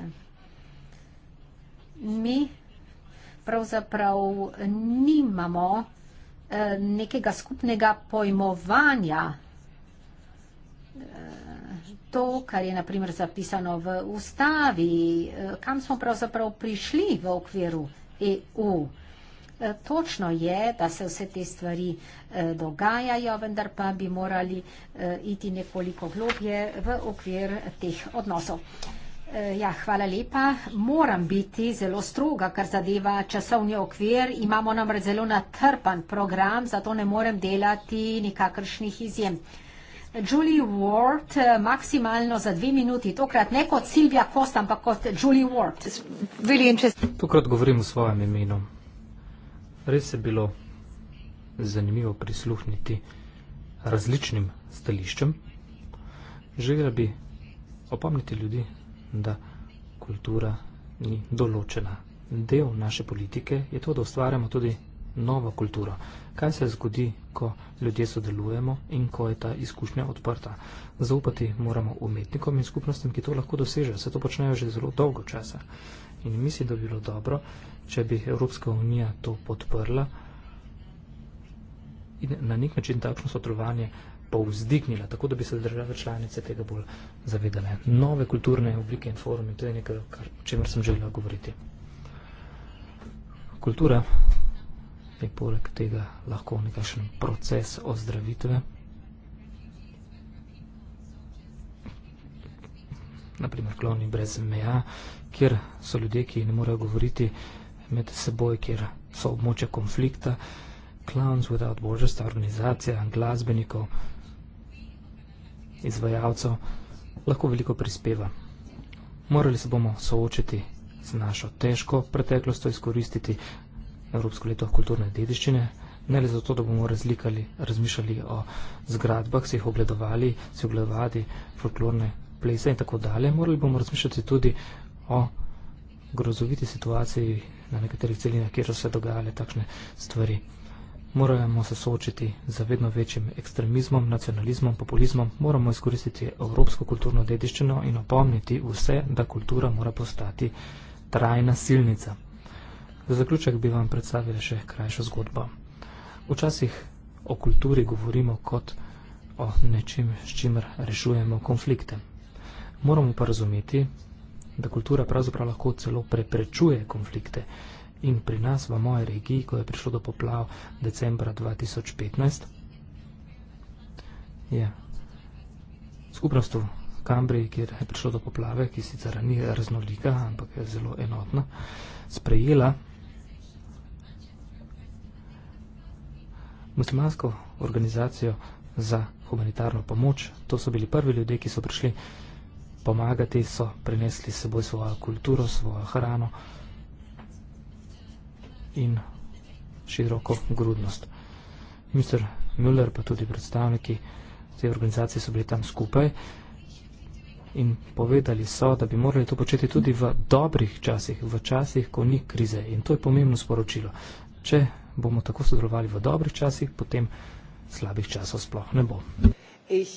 Mi pravzaprav nimamo eh, nekega skupnega pojmovanja. Eh, to, kar je naprimer zapisano v ustavi, eh, kam smo pravzaprav prišli v okviru EU. Točno je, da se vse te stvari dogajajo, vendar pa bi morali iti nekoliko globje v okvir teh odnosov. Eh, ja, hvala lepa. Moram biti zelo stroga, kar zadeva časovni okvir. Imamo namreč zelo natrpan program, zato ne morem delati nikakršnih izjem. Julie Ward, eh, maksimalno za dve minuti, tokrat ne kot Silvia Kost, ampak kot Julie Ward. Really tokrat govorim v svojem imenu. Res je bilo zanimivo prisluhniti različnim stališčem. Želela bi opomniti ljudi da kultura ni določena. Del naše politike je to, da ustvarjamo tudi novo kulturo. Kaj se zgodi, ko ljudje sodelujemo in ko je ta izkušnja odprta? Zaupati moramo umetnikom in skupnostim, ki to lahko dosežejo. Se to počnejo že zelo dolgo časa. In mislim, da bi bilo dobro, če bi Evropska unija to podprla in na nek način takšno sodelovanje povzdignila, tako da bi se države članice tega bolj zavedale. Nove kulturne oblike in forumi, to je nekaj, kar, o čemer sem želela govoriti. Kultura je poleg tega lahko nekakšen proces ozdravitve. Naprimer, kloni brez meja, kjer so ljudje, ki ne morejo govoriti med seboj, kjer so območja konflikta, Clowns Without Borders, ta organizacija glasbenikov, izvajalcev, lahko veliko prispeva. Morali se bomo soočiti z našo težko preteklost, izkoristiti Evropsko leto kulturne dediščine, ne le zato, da bomo razlikali, razmišljali o zgradbah, se jih ogledovali, se ogledovali folklorne plese in tako dalje. Morali bomo razmišljati tudi o grozoviti situaciji na nekaterih celinah, kjer so se dogajale takšne stvari. Moramo se soočiti z vedno večjim ekstremizmom, nacionalizmom, populizmom, moramo izkoristiti evropsko kulturno dediščino in opomniti vse, da kultura mora postati trajna silnica. Za zaključek bi vam predstavila še krajšo zgodbo. Včasih o kulturi govorimo kot o nečem, s čimer rešujemo konflikte. Moramo pa razumeti, da kultura pravzaprav lahko celo preprečuje konflikte in pri nas v moji regiji, ko je prišlo do poplav decembra 2015, je skupnost v Kambriji, kjer je prišlo do poplave, ki sicer ni raznolika, ampak je zelo enotna, sprejela muslimansko organizacijo za humanitarno pomoč. To so bili prvi ljudje, ki so prišli pomagati, so prinesli s seboj svojo kulturo, svojo hrano, in široko grudnost. Mr. Müller pa tudi predstavniki te organizacije so bili tam skupaj in povedali so, da bi morali to početi tudi v dobrih časih, v časih, ko ni krize. In to je pomembno sporočilo. Če bomo tako sodelovali v dobrih časih, potem slabih časov sploh ne bo. Ich.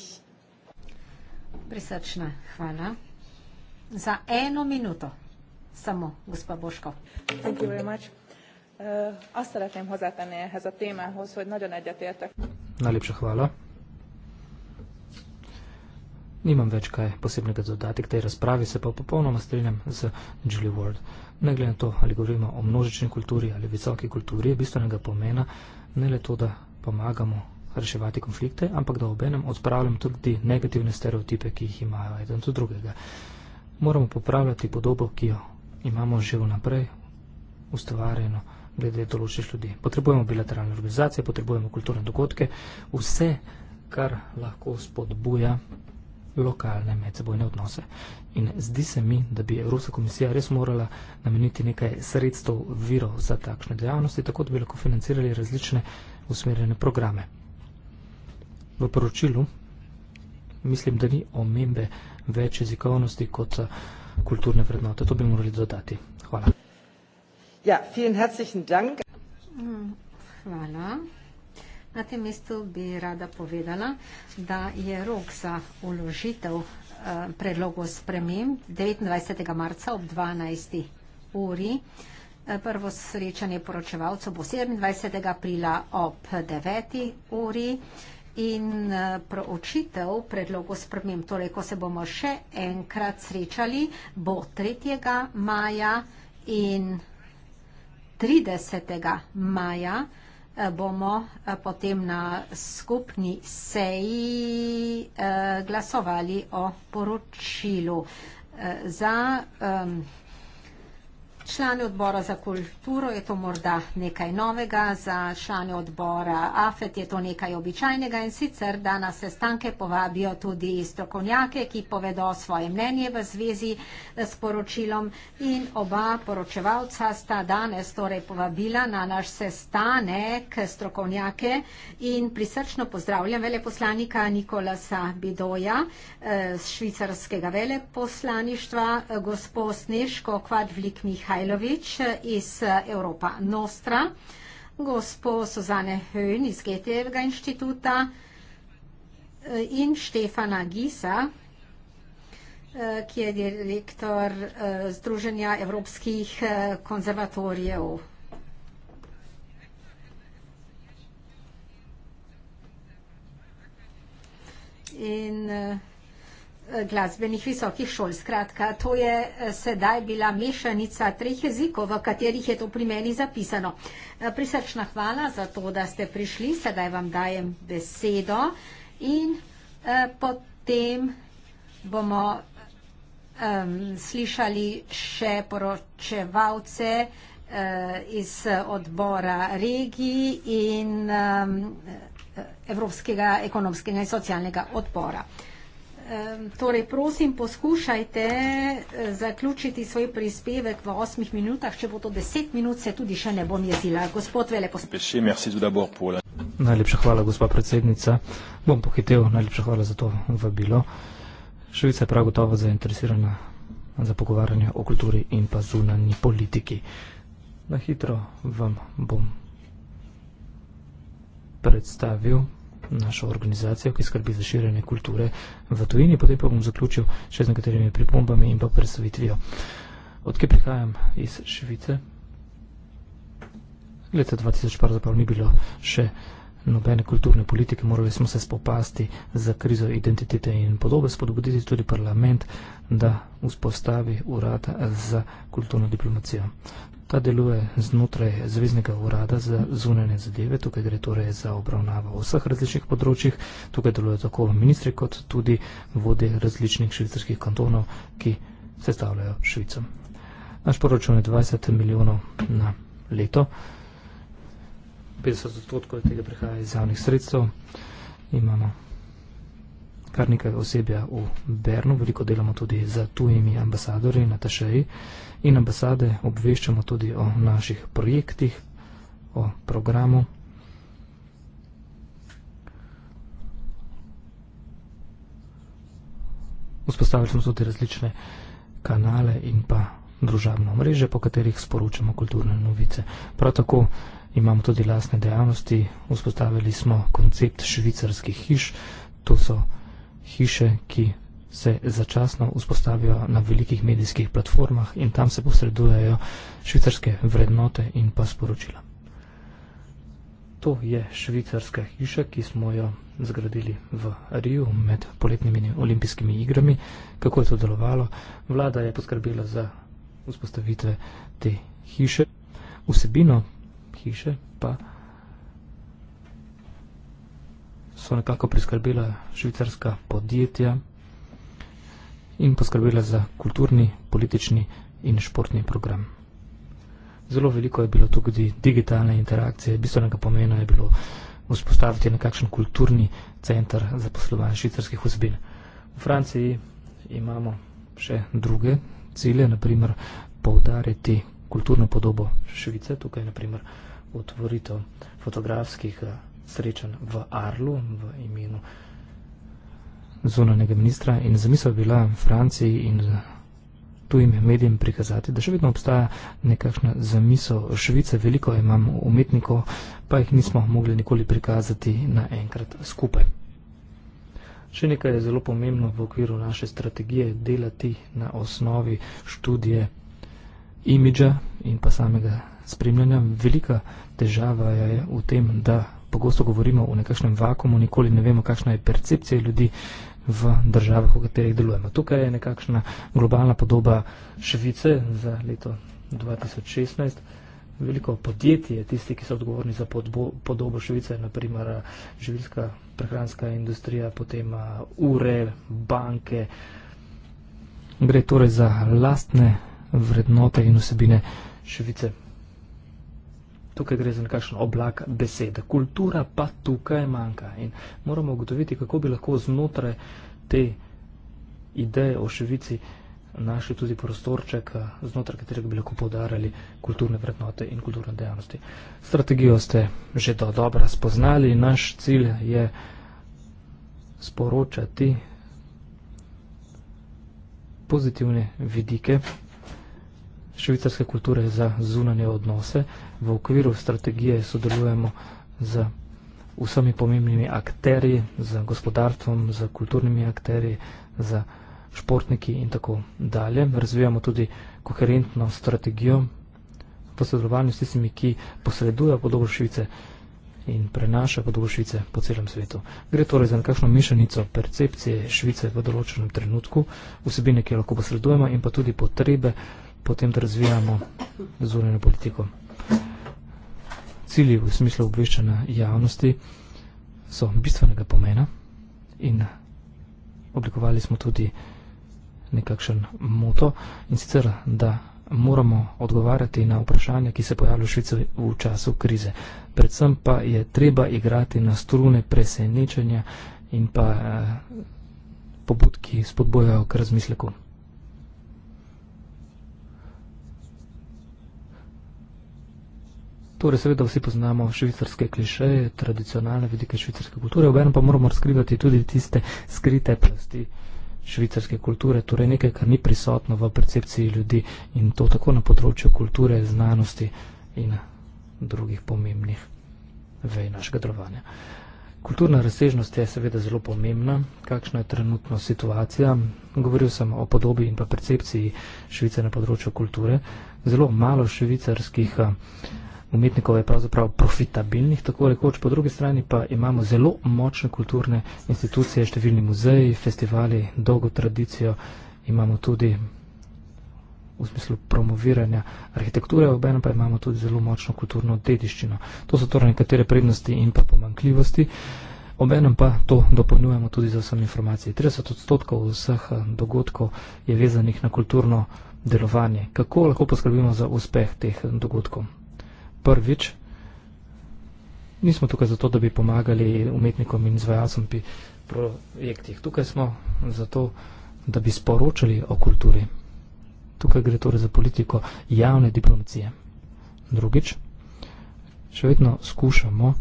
Prisrčna hvala. Za eno minuto. Samo, gospa Boško. Thank you very much azt szeretném hozzátenni ehhez a témához, hogy nagyon egyetértek. Najlepša hvala. Nimam več kaj posebnega dodati k tej razpravi, se pa popolnoma strinjam z Julie Ward. Ne glede na to, ali govorimo o množični kulturi ali visoki kulturi, je bistvenega pomena ne le to, da pomagamo reševati konflikte, ampak da obenem odpravljamo tudi negativne stereotipe, ki jih imajo eden do drugega. Moramo popravljati podobo, ki jo imamo že vnaprej ustvarjeno glede določenih ljudi. Potrebujemo bilateralne organizacije, potrebujemo kulturne dogodke, vse, kar lahko spodbuja lokalne medsebojne odnose. In zdi se mi, da bi Evropska komisija res morala nameniti nekaj sredstev, virov za takšne dejavnosti, tako da bi lahko financirali različne usmerjene programe. V poročilu mislim, da ni omembe več jezikovnosti kot eh, kulturne vrednote. To bi morali dodati. Hvala. Ja, vielen herzlichen Dank. Mm, hvala. Na tem mestu bi rada povedala, da je rok za uložitev eh, predlogov sprememb 29. marca ob 12. uri. Eh, prvo srečanje poročevalcev bo 27. aprila ob 9. uri in eh, proučitev predlogov sprememb, torej ko se bomo še enkrat srečali, bo 3. maja in 3. maja. 30. maja eh, bomo eh, potem na skupni seji eh, glasovali o poročilu. Za um, člani odbora za kulturo je to morda nekaj novega, za člani odbora AFET je to nekaj običajnega in sicer, da na sestanke povabijo tudi strokovnjake, ki povedo svoje mnenje v zvezi s poročilom in oba poročevalca sta danes torej povabila na naš sestanek strokovnjake in prisrčno pozdravljam veleposlanika Nikolasa Bidoja z eh, švicarskega veleposlaništva, eh, gospod Sneško Kvadvlik Mihaj. Mihajlović iz eh, Europa Nostra, gospo Suzane Höhn iz Getevega inštituta eh, in Štefana Gisa, eh, ki je direktor Združenja evropskih konzervatorijev. In uh, glasbenih visokih šol. Skratka, to je eh, sedaj bila mešanica treh jezikov, v katerih je to pri meni zapisano. Eh, prisrčna hvala za to, da ste prišli. Sedaj vam dajem besedo in eh, potem bomo eh, slišali še poročevalce eh, iz odbora regij in eh, Evropskega ekonomskega in socialnega odbora. Torej, prosim, poskušajte eh, zaključiti svoj prispevek v osmih minutah, če bo to deset minut, se tudi še ne bom jezila. Gospod Veleposl. Najlepša hvala, gospa predsednica. Bom pohitev, najlepša hvala za to vabilo. Švica je prav gotovo zainteresirana za pogovarjanje o kulturi in pa zunanji politiki. Na hitro vam bom predstavil našo organizacijo, ki skrbi za širjenje kulture v tujini. Potem pa bom zaključil še z nekaterimi pripombami in pa predstavitvijo. Odkje prihajam iz Švice? Leta 2000 pravzaprav ni bilo še nobene kulturne politike, morali smo se spopasti z krizo identitete in podobe, spodbuditi tudi parlament, da vzpostavi urad za kulturno diplomacijo. Ta deluje znotraj Zvezdnega urada za zunanje zadeve, tukaj gre torej za obravnavo vseh različnih področjih, tukaj deluje tako ministri kot tudi vode različnih švicarskih kantonov, ki sestavljajo Švico. Naš poročun je 20 milijonov na leto. 50 odstotkov tega prihaja iz javnih sredstev. Imamo kar nekaj osebja v Bernu, veliko delamo tudi za tujimi ambasadori na Tašeji in ambasade obveščamo tudi o naših projektih, o programu. Vzpostavili smo tudi različne kanale in pa družabno mreže, po katerih sporočamo kulturne novice. Prav tako imamo tudi lastne dejavnosti, vzpostavili smo koncept švicarskih hiš. To so hiše, ki se začasno vzpostavijo na velikih medijskih platformah in tam se posredujejo švicarske vrednote in pa sporočila. To je švicarska hiša, ki smo jo zgradili v Riju med poletnimi olimpijskimi igrami. Kako je to delovalo? Vlada je poskrbela za vzpostavitve te hiše. Vsebino hiše, pa so nekako priskrbila švicarska podjetja in poskrbila za kulturni, politični in športni program. Zelo veliko je bilo tudi digitalne interakcije, bistvenega pomena je bilo vzpostaviti nekakšen kulturni center za poslovanje švicarskih vzbin. V Franciji imamo še druge cilje, naprimer poudariti kulturno podobo Švice, tukaj naprimer primer otvoritev fotografskih eh, srečanj v Arlu v imenu zunanega ministra in zamisel bila Franciji in tujim medijem prikazati, da še vedno obstaja nekakšna zamisel Švice, veliko imam umetnikov, pa jih nismo mogli nikoli prikazati naenkrat skupaj. Še nekaj je zelo pomembno v okviru naše strategije delati na osnovi študije imidža in pa samega spremljanja. Velika težava je v tem, da pogosto govorimo o nekakšnem vakumu, nikoli ne vemo, kakšna je percepcija ljudi v državah, v katerih delujemo. Tukaj je nekakšna globalna podoba Švice za leto 2016. Veliko podjetij je tisti, ki so odgovorni za podbo, podobo Švice, naprimer živilska prehranska industrija, potem ure, banke. Gre torej za lastne vrednote in vsebine Švice tukaj gre za nekakšen oblak besede. Kultura pa tukaj manjka in moramo ugotoviti, kako bi lahko znotraj te ideje o Ševici našli tudi prostorček, eh, znotraj katerega bi lahko podarali kulturne vrednote in kulturne dejavnosti. Strategijo ste že do dobra spoznali. Naš cilj je sporočati pozitivne vidike švicarske kulture za zunanje odnose. V okviru strategije sodelujemo z vsemi pomembnimi akterji, z gospodarstvom, z kulturnimi akterji, z športniki in tako dalje. Razvijamo tudi koherentno strategijo posredovanju s tistimi, ki posredujejo podobo Švice in prenašajo podobo Švice po celem svetu. Gre torej za nekakšno mišljenico percepcije Švice v določenem trenutku, vsebine, ki jo lahko posredujemo in pa tudi potrebe, potem da razvijamo zunanjo politiko. Cilji v smislu obveščanja javnosti so bistvenega pomena in oblikovali smo tudi nekakšen moto in sicer, da moramo odgovarjati na vprašanja, ki se pojavljajo v Švici v času krize. Predvsem pa je treba igrati na strune presenečenja in pa eh, pobud, ki spodbojajo k razmisleku. Torej, seveda vsi poznamo švicarske klišeje, tradicionalne vidike švicarske kulture, obenem pa moramo razkrivati tudi tiste skrite plasti švicarske kulture, torej nekaj, kar ni prisotno v percepciji ljudi in to tako na področju kulture, znanosti in drugih pomembnih vej našega drovanja. Kulturna razsežnost je seveda zelo pomembna, kakšna je trenutno situacija. Govoril sem o podobi in pa percepciji Švice na področju kulture. Zelo malo švicarskih uh, umetnikov je pravzaprav profitabilnih, tako rekoč, po drugi strani pa imamo zelo močne kulturne institucije, številni muzeji, festivali, dolgo tradicijo, imamo tudi v smislu promoviranja arhitekture, obenem pa imamo tudi zelo močno kulturno dediščino. To so torej nekatere prednosti in pa pomankljivosti. Obenem pa to dopolnjujemo tudi za vsem informacije. 30 odstotkov vseh eh, dogodkov je vezanih na kulturno delovanje. Kako lahko poskrbimo za uspeh teh eh, dogodkov? prvič. Nismo tukaj zato, da bi pomagali umetnikom in izvajalcem pri projektih. Tukaj smo zato, da bi sporočali o kulturi. Tukaj gre torej za politiko javne diplomacije. Drugič, še vedno skušamo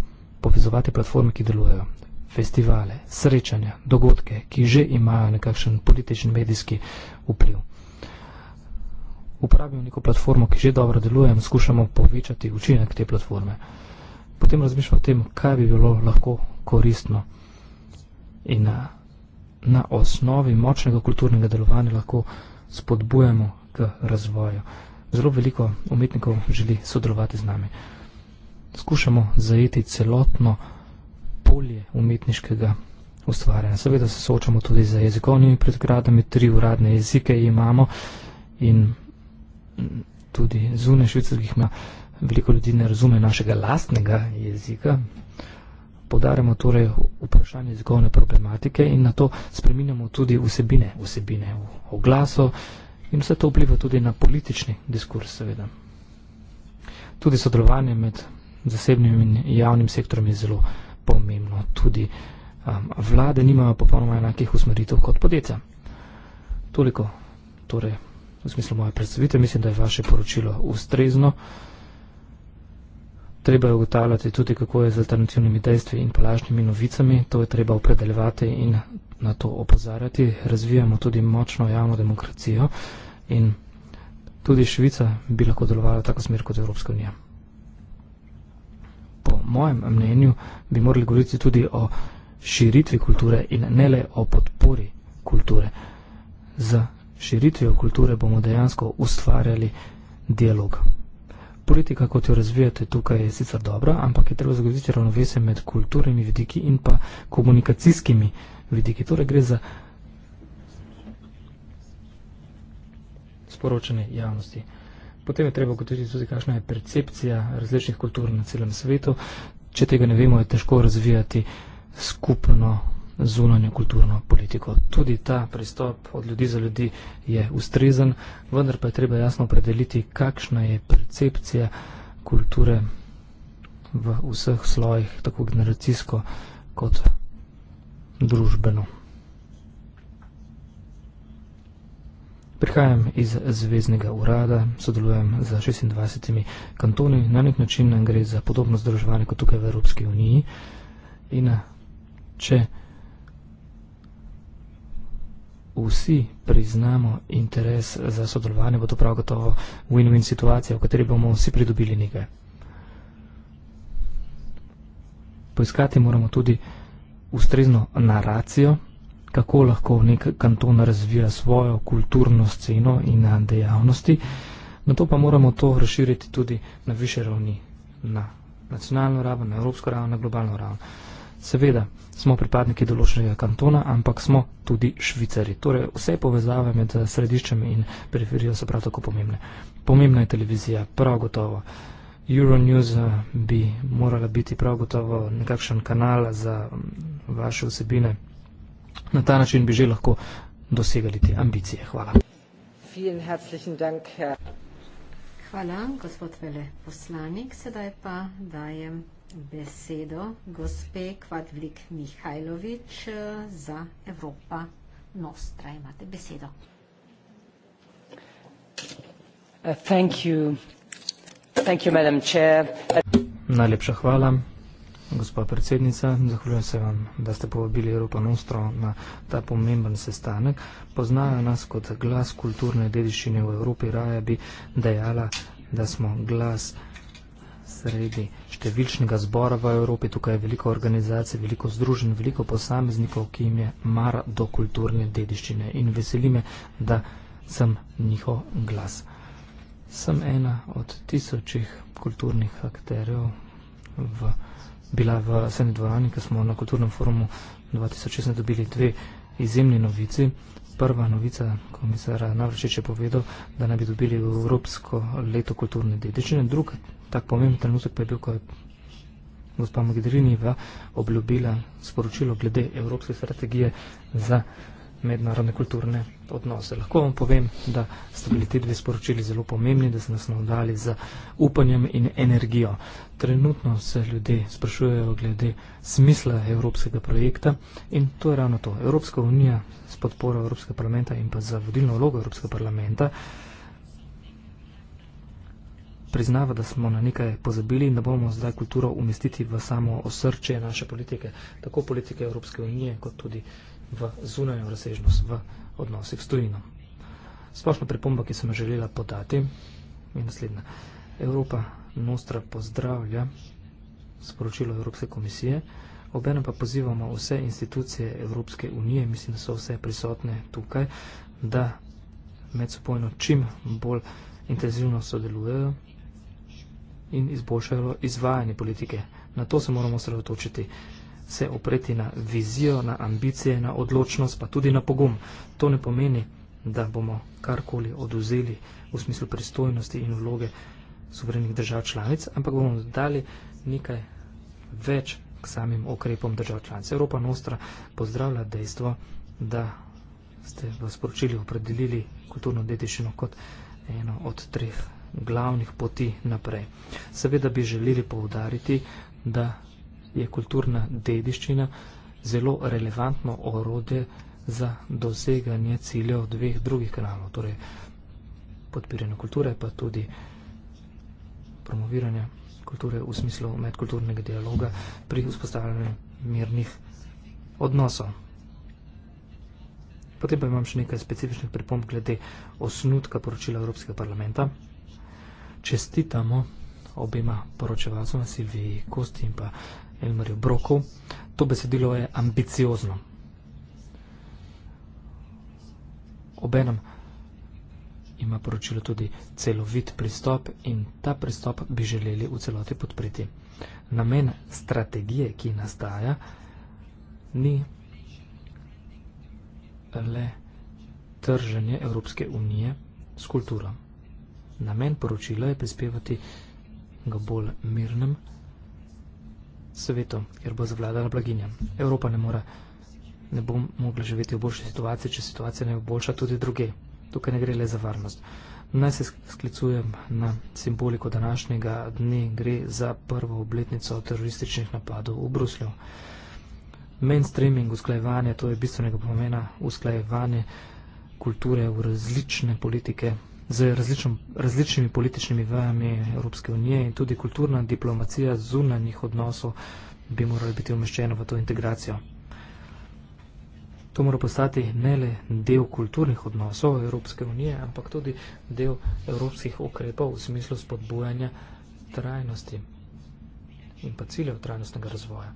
povezovati platforme, ki delujejo. Festivale, srečanja, dogodke, ki že imajo nekakšen politični medijski vpliv uporabimo neko platformo, ki že dobro deluje in skušamo povečati učinek te platforme. Potem razmišljamo o tem, kaj bi bilo lahko koristno. In na, eh, na osnovi močnega kulturnega delovanja lahko spodbujamo k razvoju. Zelo veliko umetnikov želi sodelovati z nami. Skušamo zajeti celotno polje umetniškega ustvarjanja. Seveda se soočamo tudi z jezikovnimi predgradami, tri uradne jezike imamo in tudi zunaj švicarskih meja veliko ljudi ne razume našega lastnega jezika. Podarjamo torej vprašanje jezikovne problematike in na to spreminjamo tudi vsebine, vsebine v oglaso in vse to vpliva tudi na politični diskurs, seveda. Tudi sodelovanje med zasebnim in javnim sektorom je zelo pomembno. Tudi um, vlade nimajo popolnoma enakih usmeritev kot podjetja. Toliko, torej v smislu moje predstavite, mislim, da je vaše poročilo ustrezno. Treba je ugotavljati tudi, kako je z alternativnimi dejstvi in plašnimi novicami, to je treba opredeljevati in na to opozarjati. Razvijamo tudi močno javno demokracijo in tudi Švica bi lahko delovala tako smer kot Evropska unija. Po mojem mnenju bi morali govoriti tudi o širitvi kulture in ne le o podpori kulture. Z širitvijo kulture bomo dejansko ustvarjali dialog. Politika, kot jo razvijate tukaj, je sicer dobra, ampak je treba zagotoviti ravnovesje med kulturnimi vidiki in pa komunikacijskimi vidiki. Torej gre za sporočanje javnosti. Potem je treba gotoviti tudi, kakšna je percepcija različnih kultur na celem svetu. Če tega ne vemo, je težko razvijati skupno zunanjo kulturno politiko. Tudi ta pristop od ljudi za ljudi je ustrezen, vendar pa je treba jasno predeliti, kakšna je percepcija kulture v vseh slojih, tako generacijsko kot družbeno. Prihajam iz Zvezdnega urada, sodelujem za 26 kantoni, na nek način gre za podobno združevanje kot tukaj v Evropski uniji. In če vsi priznamo interes za sodelovanje, bo to prav gotovo win-win situacija, v kateri bomo vsi pridobili nekaj. Poiskati moramo tudi ustrezno naracijo, kako lahko nek kanton razvija svojo kulturno sceno in dejavnosti. Na to pa moramo to razširiti tudi na više ravni, na nacionalno raven, na evropsko raven, na globalno raven. Seveda smo pripadniki določenega kantona, ampak smo tudi švicari. Torej vse povezave med eh, središčem in periferijo so prav tako pomembne. Pomembna je televizija, prav gotovo. Euronews eh, bi morala biti prav gotovo nekakšen kanal za mm, vaše vsebine. Na ta način bi že lahko dosegali te ambicije. Hvala. Hvala, gospod Vele. Poslanik, sedaj pa dajem besedo gospe Kvadvlik Mihajlovič eh, za Evropa Nostra. Imate besedo. Uh, thank you. Thank you, madam chair. Najlepša hvala, gospa predsednica. Zahvaljujem se vam, da ste povabili Evropa Nostro na ta pomemben sestanek. Poznajo nas kot glas kulturne dediščine v Evropi. Raje bi dejala, da smo glas kulturne sredi številčnega zbora v Evropi, tukaj je veliko organizacij, veliko združen, veliko posameznikov, ki jim je mar do kulturne dediščine in veseli me, da sem njihov glas. Sem ena od tisočih kulturnih akterjev v, bila v Sene dvorani, ki smo na kulturnem forumu 2016 dobili dve izjemni novici. Prva novica, komisar Navršič je povedal, da naj bi dobili Evropsko leto kulturne dedičine, druga tak pomemben trenutek pa je bil, ko je gospa Mogherini obljubila sporočilo glede evropske strategije za mednarodne kulturne odnose. Lahko vam povem, da so bili ti dve sporočili zelo pomembni, da so nas navdali z upanjem in energijo. Trenutno se ljudje sprašujejo glede smisla evropskega projekta in to je ravno to. Evropska unija s podporo Evropskega parlamenta in pa za vodilno vlogo Evropskega parlamenta uh, priznava, da smo na nekaj pozabili in da bomo zdaj kulturo umestiti v samo osrče naše politike, tako politike Evropske unije, kot tudi v zunanjo razsežnost v odnosih s tujino. Splošna pripomba, ki sem jo želela podati, je naslednja. Evropa Nostra pozdravlja sporočilo Evropske komisije, obenem pa pozivamo vse institucije Evropske unije, mislim, da so vse prisotne tukaj, da medsebojno čim bolj intenzivno sodelujejo in izboljšalo izvajanje politike. Na to se moramo sredotočiti. Se opreti na vizijo, na ambicije, na odločnost, pa tudi na pogum. To ne pomeni, da bomo karkoli oduzeli v smislu pristojnosti in vloge suverenih držav članic, ampak bomo dali nekaj več k samim okrepom držav članic. Evropa Nostra pozdravlja dejstvo, da ste v sporočili opredelili kulturno dediščino kot eno od treh glavnih poti naprej. Seveda bi želeli povdariti, da je kulturna dediščina zelo relevantno orode za doseganje ciljev dveh drugih kanalov, torej podpiranje kulture, pa tudi promoviranje kulture v smislu medkulturnega dialoga pri vzpostavljanju mirnih odnosov. Potem pa imam še nekaj specifičnih pripomb glede osnutka poročila Evropskega parlamenta čestitamo obima poročevalcema, Silviji Kosti in pa Elmarju Broku. To besedilo je ambiciozno. Obenem ima poročilo tudi celovit pristop in ta pristop bi želeli v celoti podpreti. Namen strategije, ki nastaja, ni le trženje Evropske unije s kulturo. Namen poročila je prispevati k bolj mirnem svetu, kjer bo zavladala blaginja. Evropa ne more, ne bo mogla živeti v boljši situaciji, če situacija ne bo boljša tudi druge. Tukaj ne gre le za varnost. Naj se sklicujem na simboliko današnjega dne, gre za prvo obletnico terorističnih napadov v Bruslju. Mainstreaming, usklajevanje, to je bistvenega pomena, usklajevanje kulture v različne politike, z različno, različnimi političnimi vajami Evropske unije in tudi kulturna diplomacija zunanjih odnosov bi morala biti umeščena v to integracijo. To mora postati ne le del kulturnih odnosov Evropske unije, ampak tudi del evropskih ukrepov v smislu spodbujanja trajnosti in pa ciljev trajnostnega razvoja.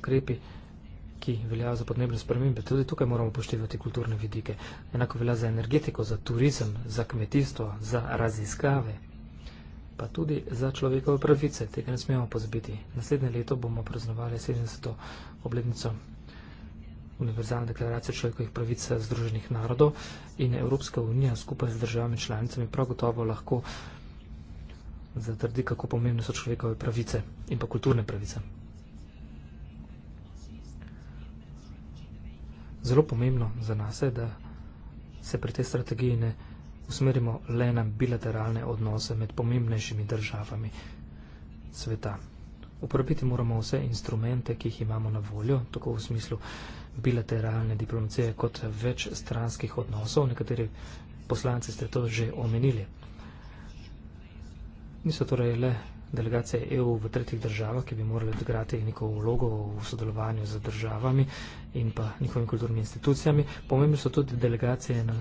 Ukrepi ki veljajo za podnebne spremembe. Tudi tukaj moramo poštevati kulturne vidike. Enako velja za energetiko, za turizem, za kmetijstvo, za raziskave, pa tudi za človekove pravice. Tega ne smemo pozabiti. Naslednje leto bomo praznovali 70. obletnico Univerzalne deklaracije človekovih pravic Združenih narodov in Evropska unija skupaj z državami članicami prav gotovo lahko zatrdi, kako pomembne so človekove pravice in pa kulturne pravice. zelo pomembno za nas, je, da se pri tej strategiji ne usmerimo le na bilateralne odnose med pomembnejšimi državami sveta. Uporabiti moramo vse instrumente, ki jih imamo na voljo, tako v smislu bilateralne diplomacije kot več stranskih odnosov. Nekateri poslanci ste to že omenili. Niso torej le delegacije EU v tretjih državah, ki bi morali odigrati neko vlogo v sodelovanju z državami in pa njihovimi kulturnimi institucijami. Pomembne so tudi delegacije na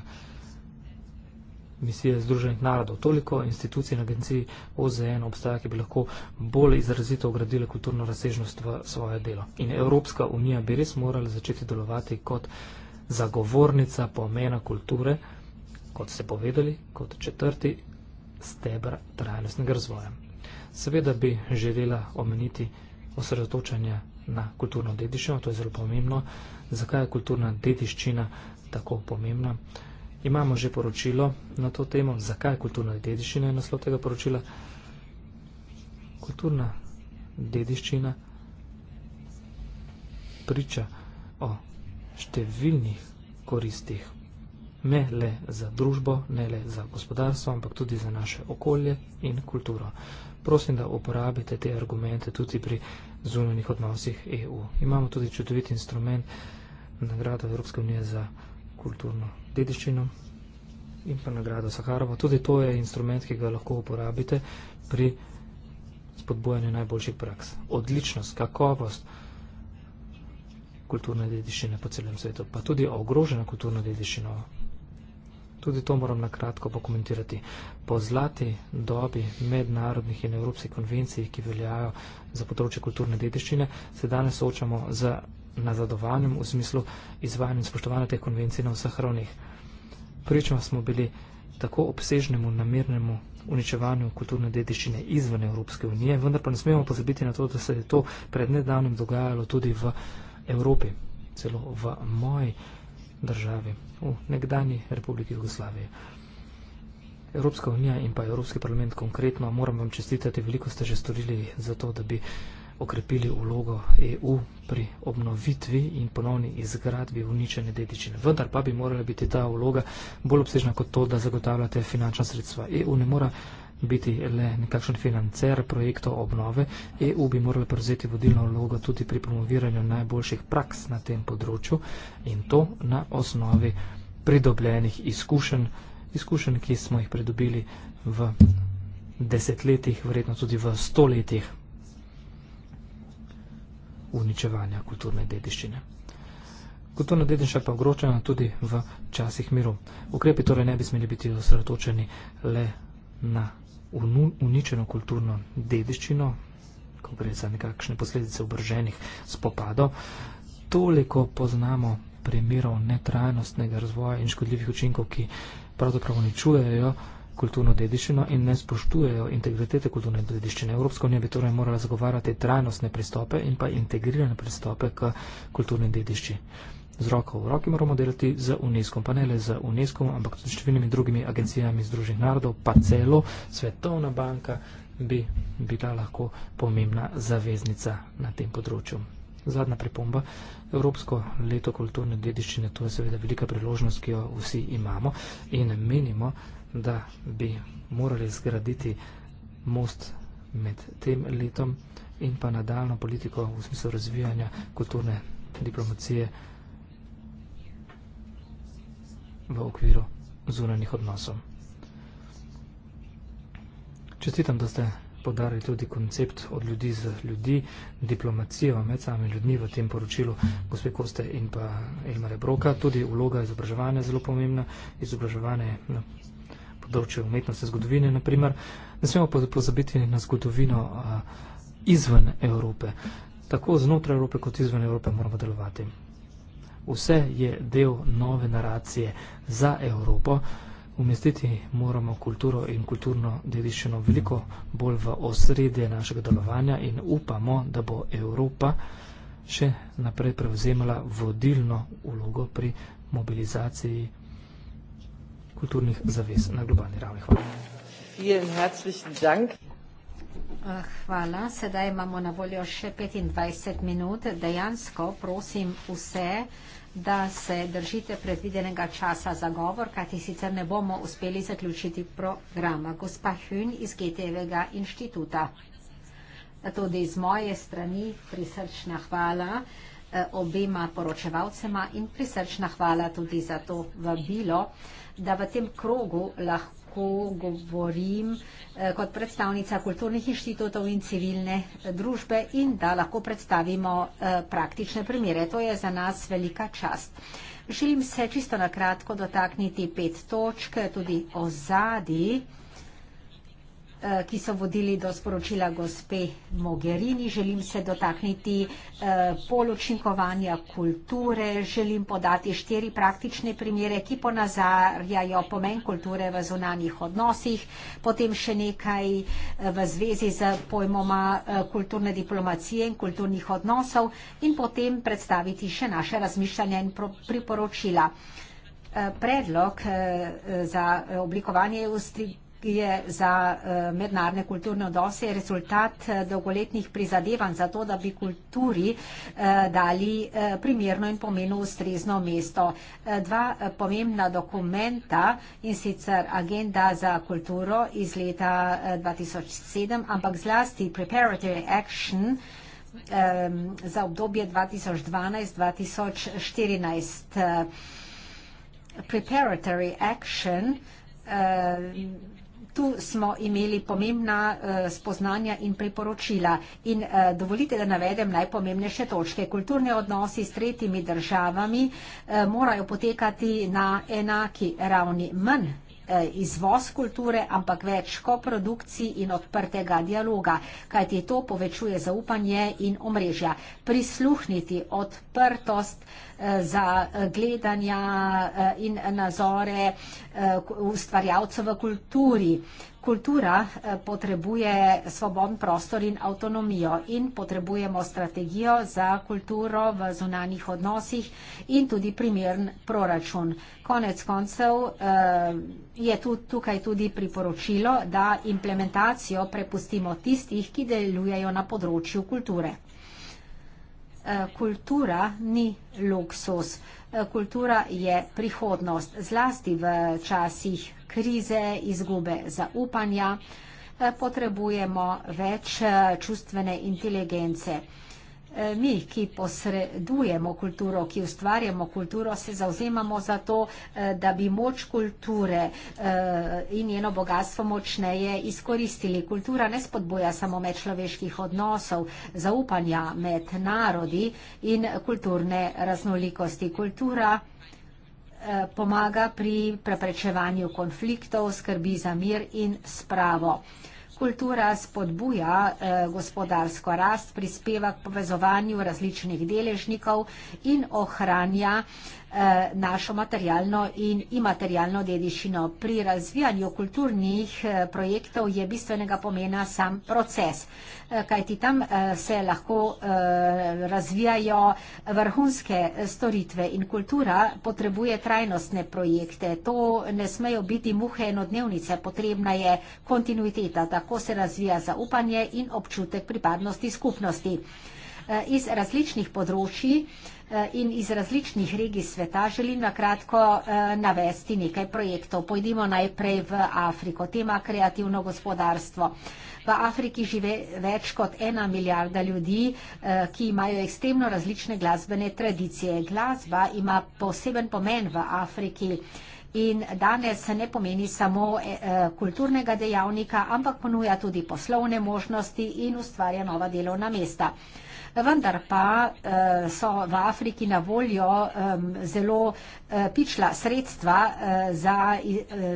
misije Združenih narodov. Toliko institucij in agencij OZN obstaja, ki bi lahko bolj izrazito ogradile kulturno razsežnost v svoje delo. In Evropska unija bi res morala začeti delovati kot zagovornica pomena kulture, kot ste povedali, kot četrti stebr trajnostnega razvoja. Seveda bi želela omeniti osredotočanje na kulturno dediščino, to je zelo pomembno. Zakaj je kulturna dediščina tako pomembna? Imamo že poročilo na to temo, zakaj je kulturna dediščina je naslov tega poročila. Kulturna dediščina priča o številnih koristih, ne le za družbo, ne le za gospodarstvo, ampak tudi za naše okolje in kulturo prosim, da uporabite te argumente tudi pri zunanjih odnosih EU. Imamo tudi čudovit instrument, nagrado Evropske unije za kulturno dediščino in pa nagrado Saharova. Tudi to je instrument, ki ga lahko uporabite pri spodbojanju najboljših praks. Odličnost, kakovost kulturne dediščine po celem svetu, pa tudi ogrožena kulturna dediščina Tudi to moram na kratko pokomentirati. Po zlati dobi mednarodnih in evropskih konvencij, ki veljajo za področje kulturne dediščine, se danes soočamo z nazadovanjem v smislu izvajanja in spoštovanja teh konvencij na vseh ravneh. Pričemo smo bili tako obsežnemu namernemu uničevanju kulturne dediščine izven Evropske unije, vendar pa ne smemo pozabiti na to, da se je to pred nedavnim dogajalo tudi v Evropi, celo v moji državi, v nekdani Republiki Jugoslavije. Evropska unija in pa Evropski parlament konkretno, moram vam čestitati, veliko ste že storili za to, da bi okrepili vlogo EU pri obnovitvi in ponovni izgradbi uničene dediščine. Vendar pa bi morala biti ta vloga bolj obsežna kot to, da zagotavljate finančna sredstva. EU ne mora biti le nekakšen financer projektov obnove, EU bi morala prevzeti vodilno vlogo tudi pri promoviranju najboljših praks na tem področju in to na osnovi pridobljenih izkušenj, izkušenj, ki smo jih pridobili v desetletjih, verjetno tudi v stoletjih uničevanja kulturne dediščine. Kulturna dediščina pa ogrožena tudi v časih miru. Ukrepi torej ne bi smeli biti osredotočeni le na uničeno kulturno dediščino, ko gre za nekakšne posledice obrženih spopadov, toliko poznamo primerov netrajnostnega razvoja in škodljivih učinkov, ki pravzaprav uničujejo kulturno dediščino in ne spoštujejo integritete kulturne dediščine. Evropska unija bi torej morala zagovarjati trajnostne pristope in pa integrirane pristope k kulturni dediščini z roko v roki moramo delati z UNESCO, pa ne le z UNESCO, ampak tudi s številnimi drugimi agencijami Združenih narodov, pa celo Svetovna banka bi bila lahko pomembna zaveznica na tem področju. Zadnja pripomba. Evropsko leto kulturne dediščine, to je seveda velika priložnost, ki jo vsi imamo in menimo, da bi morali zgraditi most med tem letom in pa nadaljno politiko v smislu razvijanja kulturne diplomacije v okviru zunanjih odnosov. Čestitam, da ste podarili tudi koncept od ljudi z ljudi, diplomacijo med sami ljudmi v tem poročilu gospe Koste in pa Elmare Broka. Tudi vloga izobraževanja je zelo pomembna, izobraževanje na področju umetnosti zgodovine, naprimer. Ne smemo pa pozabiti na zgodovino izven Evrope. Tako znotraj Evrope kot izven Evrope moramo delovati. Vse je del nove naracije za Evropo. Umestiti moramo kulturo in kulturno dediščino veliko bolj v osredje našega delovanja in upamo, da bo Evropa še naprej prevzemala vodilno ulogo pri mobilizaciji kulturnih zavez na globalni ravni. Hvala. Ah, hvala. Sedaj imamo na voljo še 25 minut. Dejansko prosim vse da se držite predvidenega časa za govor, kajti sicer ne bomo uspeli zaključiti programa. Gospa Hün iz GTV-ega inštituta. Tudi z moje strani prisrčna hvala eh, obema poročevalcema in prisrčna hvala tudi za to vabilo, da v tem krogu lahko lahko govorim eh, kot predstavnica kulturnih inštitutov in civilne eh, družbe in da lahko predstavimo eh, praktične primere. To je za nas velika čast. Želim se čisto na kratko dotakniti pet točk, tudi ozadi. Eh, ki so vodili do sporočila gospe Mogherini. Želim se dotakniti eh, polučinkovanja kulture, želim podati štiri praktične primere, ki ponazarjajo pomen kulture v zunanjih odnosih, potem še nekaj eh, v zvezi z pojmoma kulturne diplomacije in kulturnih odnosov in potem predstaviti še naše razmišljanja in priporočila. Predlog za oblikovanje ustri je za eh, mednarne kulturne odnose rezultat eh, dolgoletnih prizadevanj za to, da bi kulturi eh, dali primerno in pomenu ustrezno mesto. Dva pomembna dokumenta in sicer agenda za kulturo iz leta 2007, ampak zlasti preparatory action za obdobje 2012-2014. Preparatory action uh, tu smo imeli pomembna eh, spoznanja in priporočila. In eh, dovolite, da navedem najpomembnejše točke. Kulturne odnosi s tretjimi državami eh, morajo potekati na enaki ravni mn izvoz kulture, ampak več koprodukcij in odprtega dialoga, kajti to povečuje zaupanje in omrežja. Prisluhniti odprtost uh, za gledanja eh, in nazore eh, ustvarjalcev v kulturi. Kultura eh, potrebuje svobodn prostor in avtonomijo in potrebujemo strategijo za kulturo v zunanjih odnosih in tudi primern proračun. Konec koncev je tukaj tudi priporočilo, da implementacijo prepustimo tistih, ki delujejo na področju kulture. Eh, kultura ni luksus. Eh, kultura je prihodnost, zlasti v časih krize, izgube zaupanja. Eh, potrebujemo več čustvene inteligence. Eh, mi, ki posredujemo kulturo, ki ustvarjamo kulturo, se zauzemamo za to, eh, da bi moč kulture eh, in njeno bogatstvo močneje izkoristili. Kultura ne spodboja samo medčloveških odnosov, zaupanja med narodi in kulturne raznolikosti. Kultura pomaga pri preprečevanju konfliktov, skrbi za mir in spravo. Kultura spodbuja eh, gospodarsko rast, prispeva k povezovanju različnih deležnikov in ohranja Eh, našo materialno in imaterialno dediščino. Pri razvijanju kulturnih eh, projektov je bistvenega pomena sam proces, eh, kajti tam se lahko razvijajo vrhunske storitve in kultura potrebuje trajnostne projekte. To ne smejo biti muhe enodnevnice, potrebna je kontinuiteta, tako se razvija zaupanje in občutek pripadnosti skupnosti. Iz različnih področji Eh, in iz različnih regij sveta želim na kratko eh, navesti nekaj projektov. Pojdimo najprej v Afriko. Tema kreativno gospodarstvo. V Afriki žive več kot ena milijarda ljudi, eh, ki imajo ekstremno različne glasbene tradicije. Glasba ima poseben pomen v Afriki. In danes ne pomeni samo kulturnega dejavnika, ampak ponuja tudi poslovne možnosti in ustvarja nova delovna mesta vendar pa eh, so v Afriki na voljo zelo eh, pičla sredstva eh, za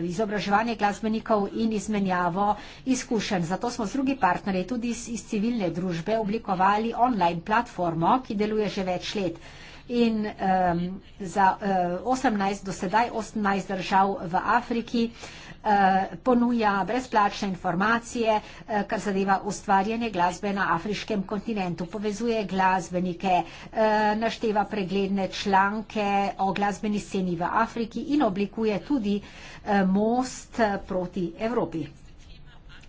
izobraževanje glasbenikov in izmenjavo izkušenj. Zato smo z drugi partnerji tudi iz civilne družbe oblikovali online platformo, ki deluje že več let in um, za uh, 18, do sedaj 18 držav v Afriki uh, ponuja brezplačne informacije, uh, kar zadeva ustvarjanje glasbe na afriškem kontinentu. Povezuje glasbenike, uh, našteva pregledne članke o glasbeni sceni v Afriki in oblikuje tudi most proti Evropi.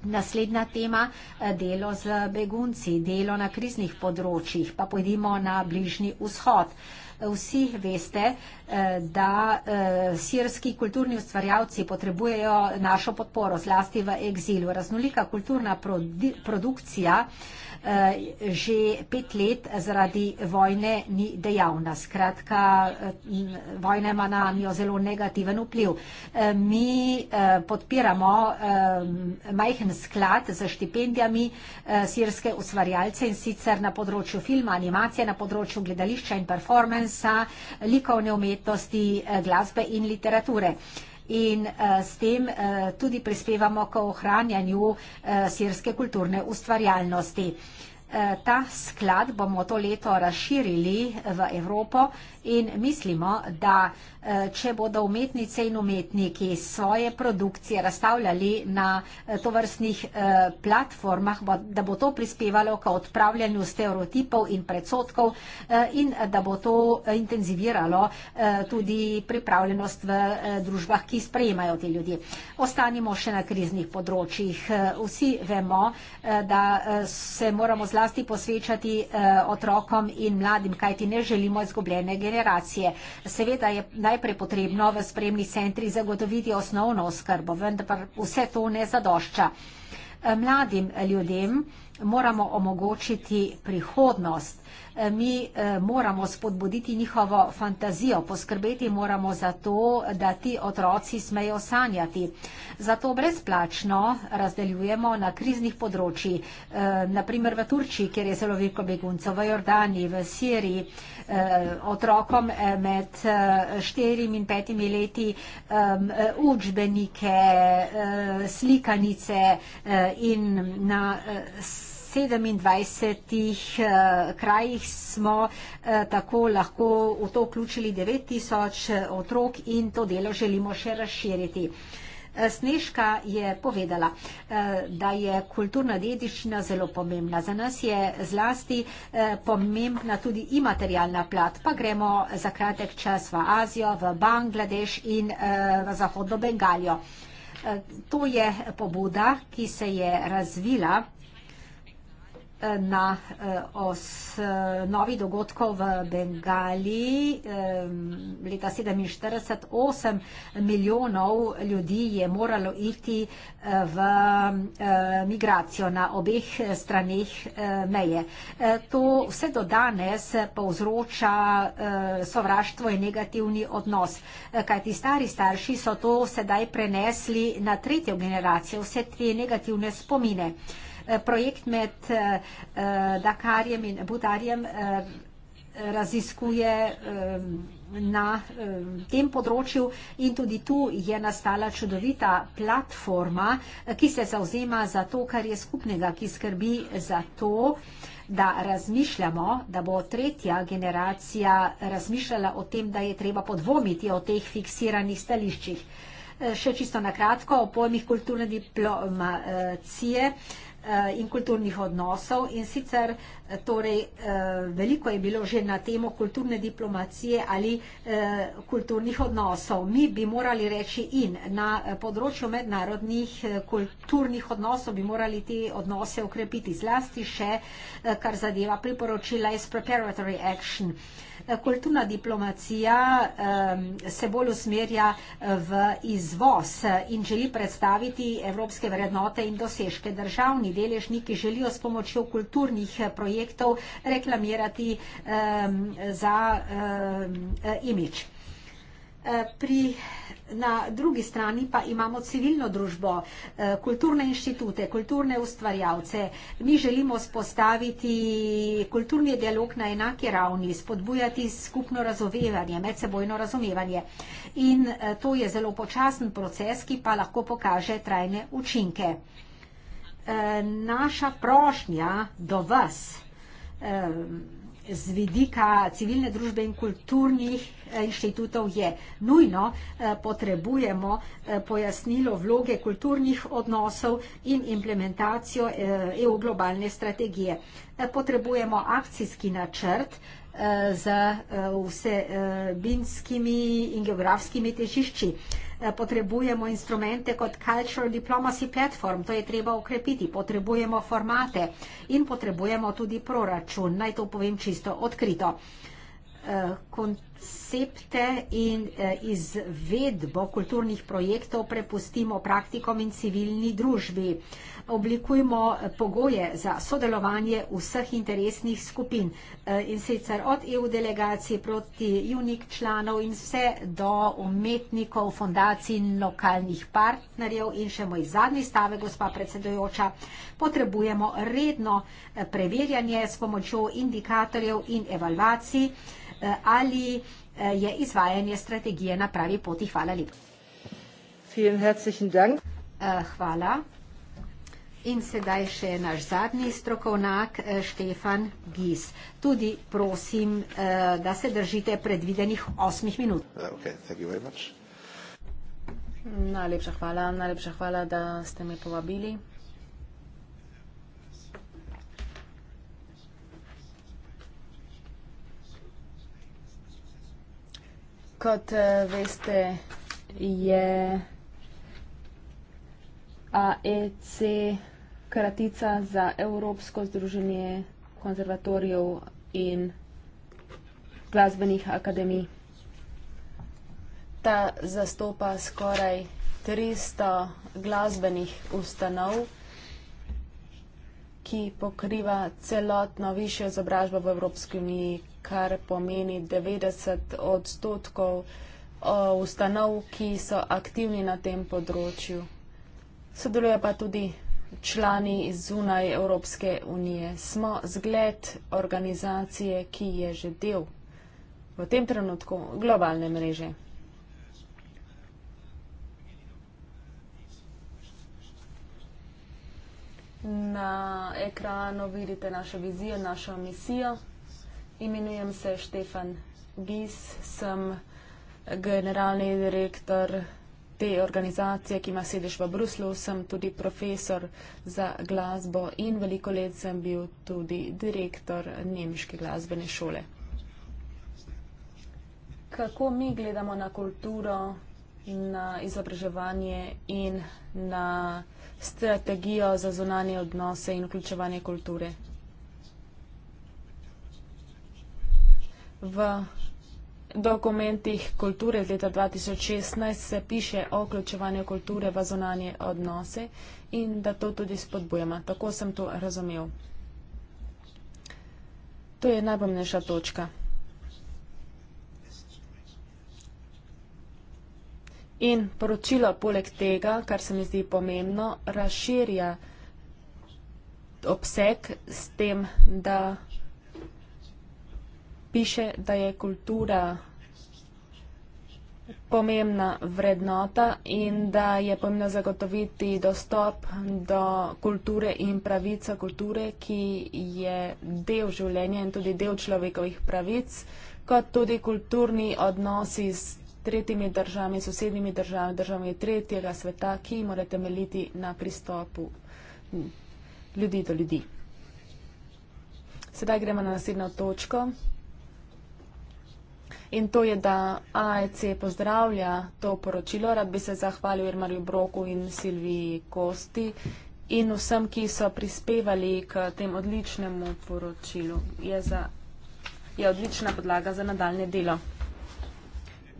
Naslednja tema je eh, delo z begunci, delo na kriznih področjih, pa pojdimo na bližnji vzhod. Vsi veste, Eh, da eh, sirski kulturni ustvarjalci potrebujejo našo podporo, zlasti v egzilu. Raznolika kulturna produkcija eh, že pet let zaradi vojne ni dejavna. Skratka, vojna ima na njo zelo negativen vpliv. Mi podpiramo majhen sklad za štipendijami sirske ustvarjalce in sicer na področju filma, animacije, na področju gledališča in performansa, likovne umetnosti, umetnosti, eh, glasbe in literature. In eh, s tem eh, tudi prispevamo k ohranjanju sirske kulturne ustvarjalnosti. Eh, ta sklad bomo to leto razširili v Evropo in mislimo, da eh, če bodo umetnice in umetniki svoje produkcije razstavljali na eh, tovrstnih platformah, da bo to prispevalo k odpravljanju stereotipov in predsotkov in da bo to intenziviralo tudi pripravljenost v družbah, ki sprejemajo te ljudi. Ostanimo še na kriznih področjih. Vsi vemo, da se moramo zelo zlasti posvečati eh, otrokom in mladim, kajti ne želimo izgubljene generacije. Seveda je najprej potrebno v spremnih centrih zagotoviti osnovno oskrbo, vendar pa vse to ne zadošča. Eh, mladim ljudem moramo omogočiti prihodnost. Eh, mi eh, moramo spodbuditi njihovo fantazijo, poskrbeti moramo za to, da ti otroci smejo sanjati. Zato brezplačno razdeljujemo na kriznih področjih, eh, naprimer v Turčiji, kjer je zelo veliko beguncov, v Jordani, v Siriji, otrokom med 4 in 5 leti učbenike, slikanice in na 27 uh, eh, krajih smo uh, tako lahko v to vključili 9000 eh, otrok in to delo želimo še razširiti. Sneška je povedala, da je kulturna dediščina zelo pomembna. Za nas je zlasti pomembna tudi imaterialna plat. Pa gremo za kratek čas v Azijo, v Bangladeš in v zahodno Bengalijo. To je pobuda, ki se je razvila na eh, osnovi eh, dogodkov v Bengaliji. Leta 47 8 milijonov ljudi je moralo iti eh, v migracijo na obeh straneh meje. To vse do danes povzroča sovraštvo in negativni odnos. Kaj ti stari starši so to sedaj prenesli na tretjo generacijo, vse te negativne spomine. Eh, projekt med eh, eh, Dakarjem in Budarjem raziskuje na tem področju in tudi tu je nastala čudovita platforma, ki se zauzema za to, kar je skupnega, ki skrbi za to, da razmišljamo, da bo tretja generacija razmišljala o tem, da je treba podvomiti o teh fiksiranih stališčih. Še čisto nakratko o pojmih kulturne diplomacije. Eh, Eh, in kulturnih odnosov in sicer Torej, eh, veliko je bilo že na temo kulturne diplomacije ali eh, kulturnih odnosov. Mi bi morali reči in na eh, področju mednarodnih kulturnih odnosov bi morali te odnose okrepiti. Zlasti še, kar zadeva priporočila iz preparatory action. Kulturna diplomacija se bolj usmerja v izvoz in želi predstaviti evropske vrednote in dosežke. Državni deležniki želijo s pomočjo kulturnih projektov projektov reklamirati um, za um, imič. E, pri, na drugi strani pa imamo civilno družbo, e, kulturne inštitute, kulturne ustvarjavce. Mi želimo spostaviti kulturni dialog na enaki ravni, spodbujati skupno razumevanje, medsebojno razumevanje. In e, to je zelo počasen proces, ki pa lahko pokaže trajne učinke. Naša prošnja do vas z vidika civilne družbe in kulturnih eh, inštitutov je nujno, eh, potrebujemo eh, pojasnilo vloge kulturnih odnosov in implementacijo EU e globalne strategije. Potrebujemo akcijski načrt z vsebinskimi in geografskimi težišči. Eh, potrebujemo instrumente kot Cultural Diplomacy Platform, to je treba ukrepiti, potrebujemo formate in potrebujemo tudi proračun. Naj to povem čisto odkrito. Uh, koncepte in eh, izvedbo kulturnih projektov prepustimo praktikom in civilni družbi. Oblikujmo eh, pogoje za sodelovanje vseh interesnih skupin eh, in sicer od EU delegacije proti junik članov in vse do umetnikov, fondacij in lokalnih partnerjev. In še moj zadnji stave, gospa predsedojoča, potrebujemo redno preverjanje s pomočjo indikatorjev in evalvacij ali Eh, je izvajanje strategije na pravi poti. Hvala lepa. Eh, hvala. In sedaj še naš zadnji strokovnjak, eh, Štefan Gis. Tudi prosim, da se držite predvidenih osmih minut. Okay, najlepša hvala, najlepša hvala, da ste me povabili. kot uh, veste, je AEC kratica za Evropsko združenje konzervatorijev in glasbenih akademij. Ta zastopa skoraj 300 glasbenih ustanov, ki pokriva celotno višjo izobražbo v Evropski uniji, kar pomeni 90 odstotkov eh, ustanov, ki so aktivni na tem področju. Sodeluje pa tudi člani zunaj Evropske unije. Smo zgled organizacije, ki je že del v tem trenutku globalne mreže. Na ekranu vidite našo vizijo, našo misijo. Imenujem se Štefan Gis, sem generalni direktor te organizacije, ki ima sedež v Bruslu, sem tudi profesor za glasbo in veliko let sem bil tudi direktor Nemške glasbene šole. Kako mi gledamo na kulturo, na izobraževanje in na strategijo za zunanje odnose in vključevanje kulture? v dokumentih kulture iz leta 2016 se piše o vključevanju kulture v zonanje odnose in da to tudi spodbujamo. Tako sem to razumel. To je najpomnejša točka. In poročilo poleg tega, kar se mi zdi pomembno, razširja obseg s tem, da piše, da je kultura pomembna vrednota in da je pomembno zagotoviti dostop do kulture in pravica kulture, ki je del življenja in tudi del človekovih pravic, kot tudi kulturni odnosi z tretjimi državami, sosednjimi državami, državami tretjega sveta, ki morajo temeljiti na pristopu ljudi do ljudi. Sedaj gremo na naslednjo točko. In to je, da AEC pozdravlja to poročilo. Rad bi se zahvalil Irmarju Broku in Silviji Kosti in vsem, ki so prispevali k tem odličnemu poročilu. Je, za, je odlična podlaga za nadaljne delo.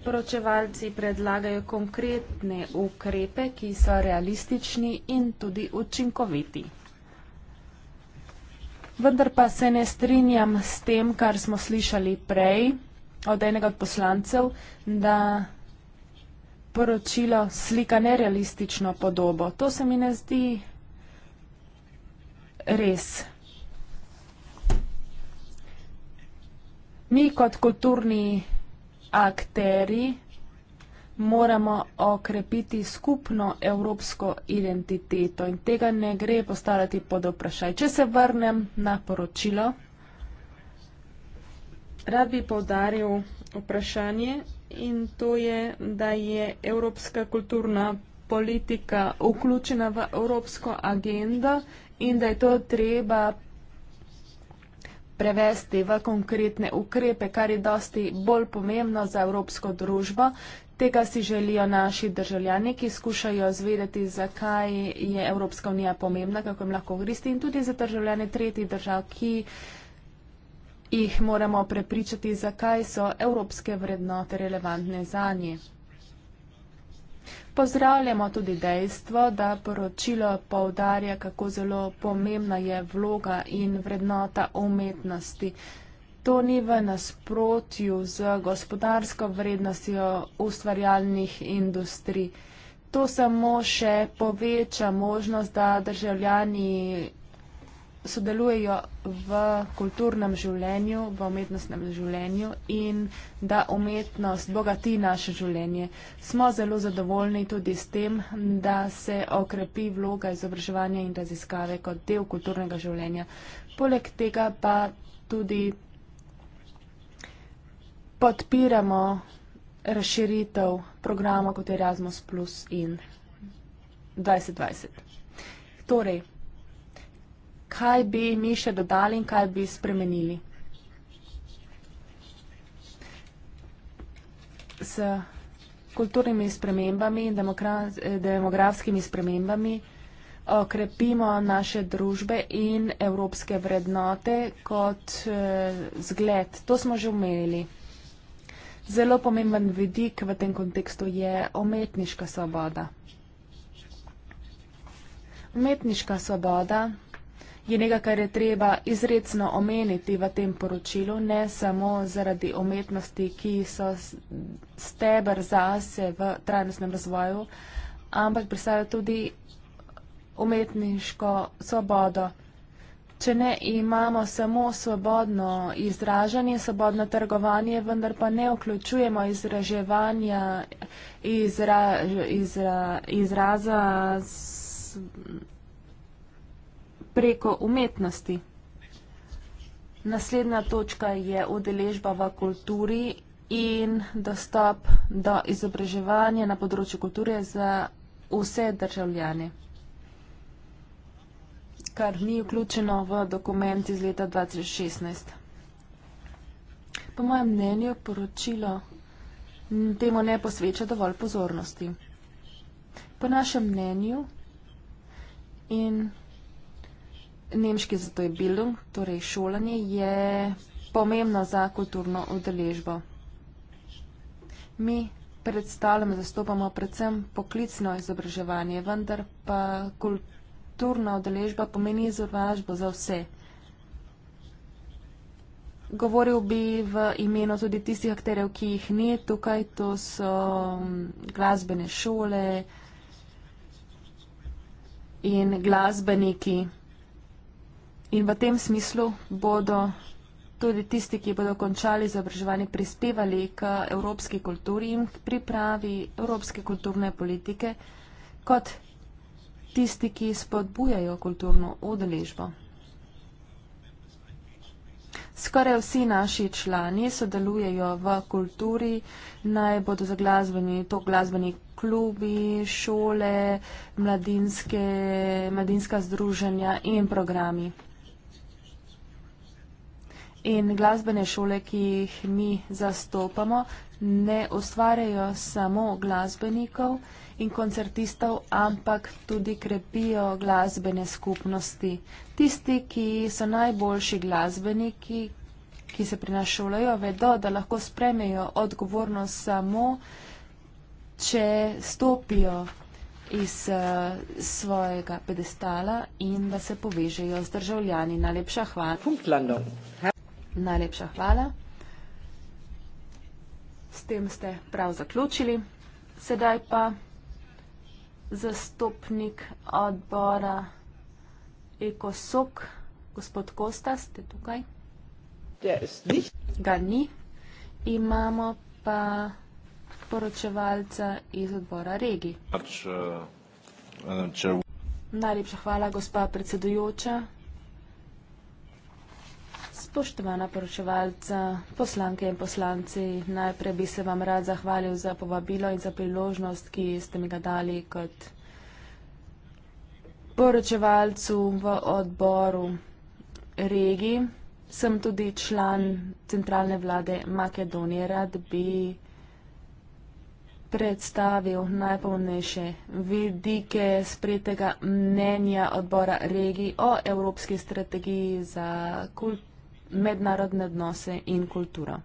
Poročevalci predlagajo konkretne ukrepe, ki so realistični in tudi učinkoviti. Vendar pa se ne strinjam s tem, kar smo slišali prej, od enega od poslancev, da poročilo slika nerealistično podobo. To se mi ne zdi res. Mi kot kulturni akteri moramo okrepiti skupno evropsko identiteto in tega ne gre postavljati pod vprašaj. Če se vrnem na poročilo, Rad bi povdaril vprašanje in to je, da je evropska kulturna politika vključena v evropsko agendo in da je to treba prevesti v konkretne ukrepe, kar je dosti bolj pomembno za evropsko družbo. Tega si želijo naši državljani, ki skušajo zvedeti, zakaj je Evropska unija pomembna, kako jim lahko gristi in tudi za državljane tretjih držav, ki jih moramo prepričati, zakaj so evropske vrednote relevantne za nje. Pozdravljamo tudi dejstvo, da poročilo povdarja, kako zelo pomembna je vloga in vrednota umetnosti. To ni v nasprotju z gospodarsko vrednostjo ustvarjalnih industrij. To samo še poveča možnost, da državljani sodelujejo v kulturnem življenju, v umetnostnem življenju in da umetnost bogati naše življenje. Smo zelo zadovoljni tudi s tem, da se okrepi vloga izobraževanja in raziskave kot del kulturnega življenja. Poleg tega pa tudi podpiramo razširitev programa kot Erasmus Plus in 2020. Torej, kaj bi mi še dodali in kaj bi spremenili. S kulturnimi spremembami in eh, demografskimi spremembami eh, okrepimo naše družbe in evropske vrednote kot eh, zgled. To smo že omenili. Zelo pomemben vidik v tem kontekstu je umetniška svoboda. Umetniška svoboda je nekaj, kar je treba izredno omeniti v tem poročilu, ne samo zaradi umetnosti, ki so stebr zase v trajnostnem razvoju, ampak predstavlja tudi umetniško svobodo. Če ne imamo samo svobodno izražanje, svobodno trgovanje, vendar pa ne vključujemo izraževanja izra, izra, izraza. S, preko umetnosti. Naslednja točka je udeležba v kulturi in dostop do izobraževanja na področju kulture za vse državljane, kar ni vključeno v dokument iz leta 2016. Po mojem mnenju poročilo temu ne posveča dovolj pozornosti. Po našem mnenju in nemški zato je bildung, torej šolanje, je pomembna za kulturno udeležbo. Mi predstavljamo, zastopamo predvsem poklicno izobraževanje, vendar pa kulturna udeležba pomeni izobražbo za vse. Govoril bi v imenu tudi tistih akterjev, ki jih ni tukaj, to so mm, glasbene šole in glasbeniki. In v tem smislu bodo tudi tisti, ki bodo končali izobraževanje, prispevali k evropski kulturi in k pripravi evropske kulturne politike kot tisti, ki spodbujajo kulturno udeležbo. Skoraj vsi naši člani sodelujejo v kulturi, naj bodo za glasbeni, to glasbeni klubi, šole, mladinske, mladinska združenja in programi in glasbene šole, ki jih mi zastopamo, ne ustvarjajo samo glasbenikov in koncertistov, ampak tudi krepijo glasbene skupnosti. Tisti, ki so najboljši glasbeniki, ki se pri nas šolajo, vedo, da lahko spremejo odgovornost samo, če stopijo iz uh, svojega pedestala in da se povežejo z državljani. Najlepša hvala. Najlepša hvala. S tem ste prav zaključili. Sedaj pa zastopnik odbora Ekosok, gospod Kosta, ste tukaj? Ga ni. Imamo pa poročevalca iz odbora Regi. Pač, eh, Najlepša hvala, gospa predsedujoča. Spoštovana poročevalca, poslanke in poslanci, najprej bi se vam rad zahvalil za povabilo in za priložnost, ki ste mi ga dali kot poročevalcu v odboru regi. Sem tudi član centralne vlade Makedonije. Rad bi predstavil najpomembnejše vidike spretega mnenja odbora regij o evropski strategiji za kulturo mednarodne odnose in kulturo.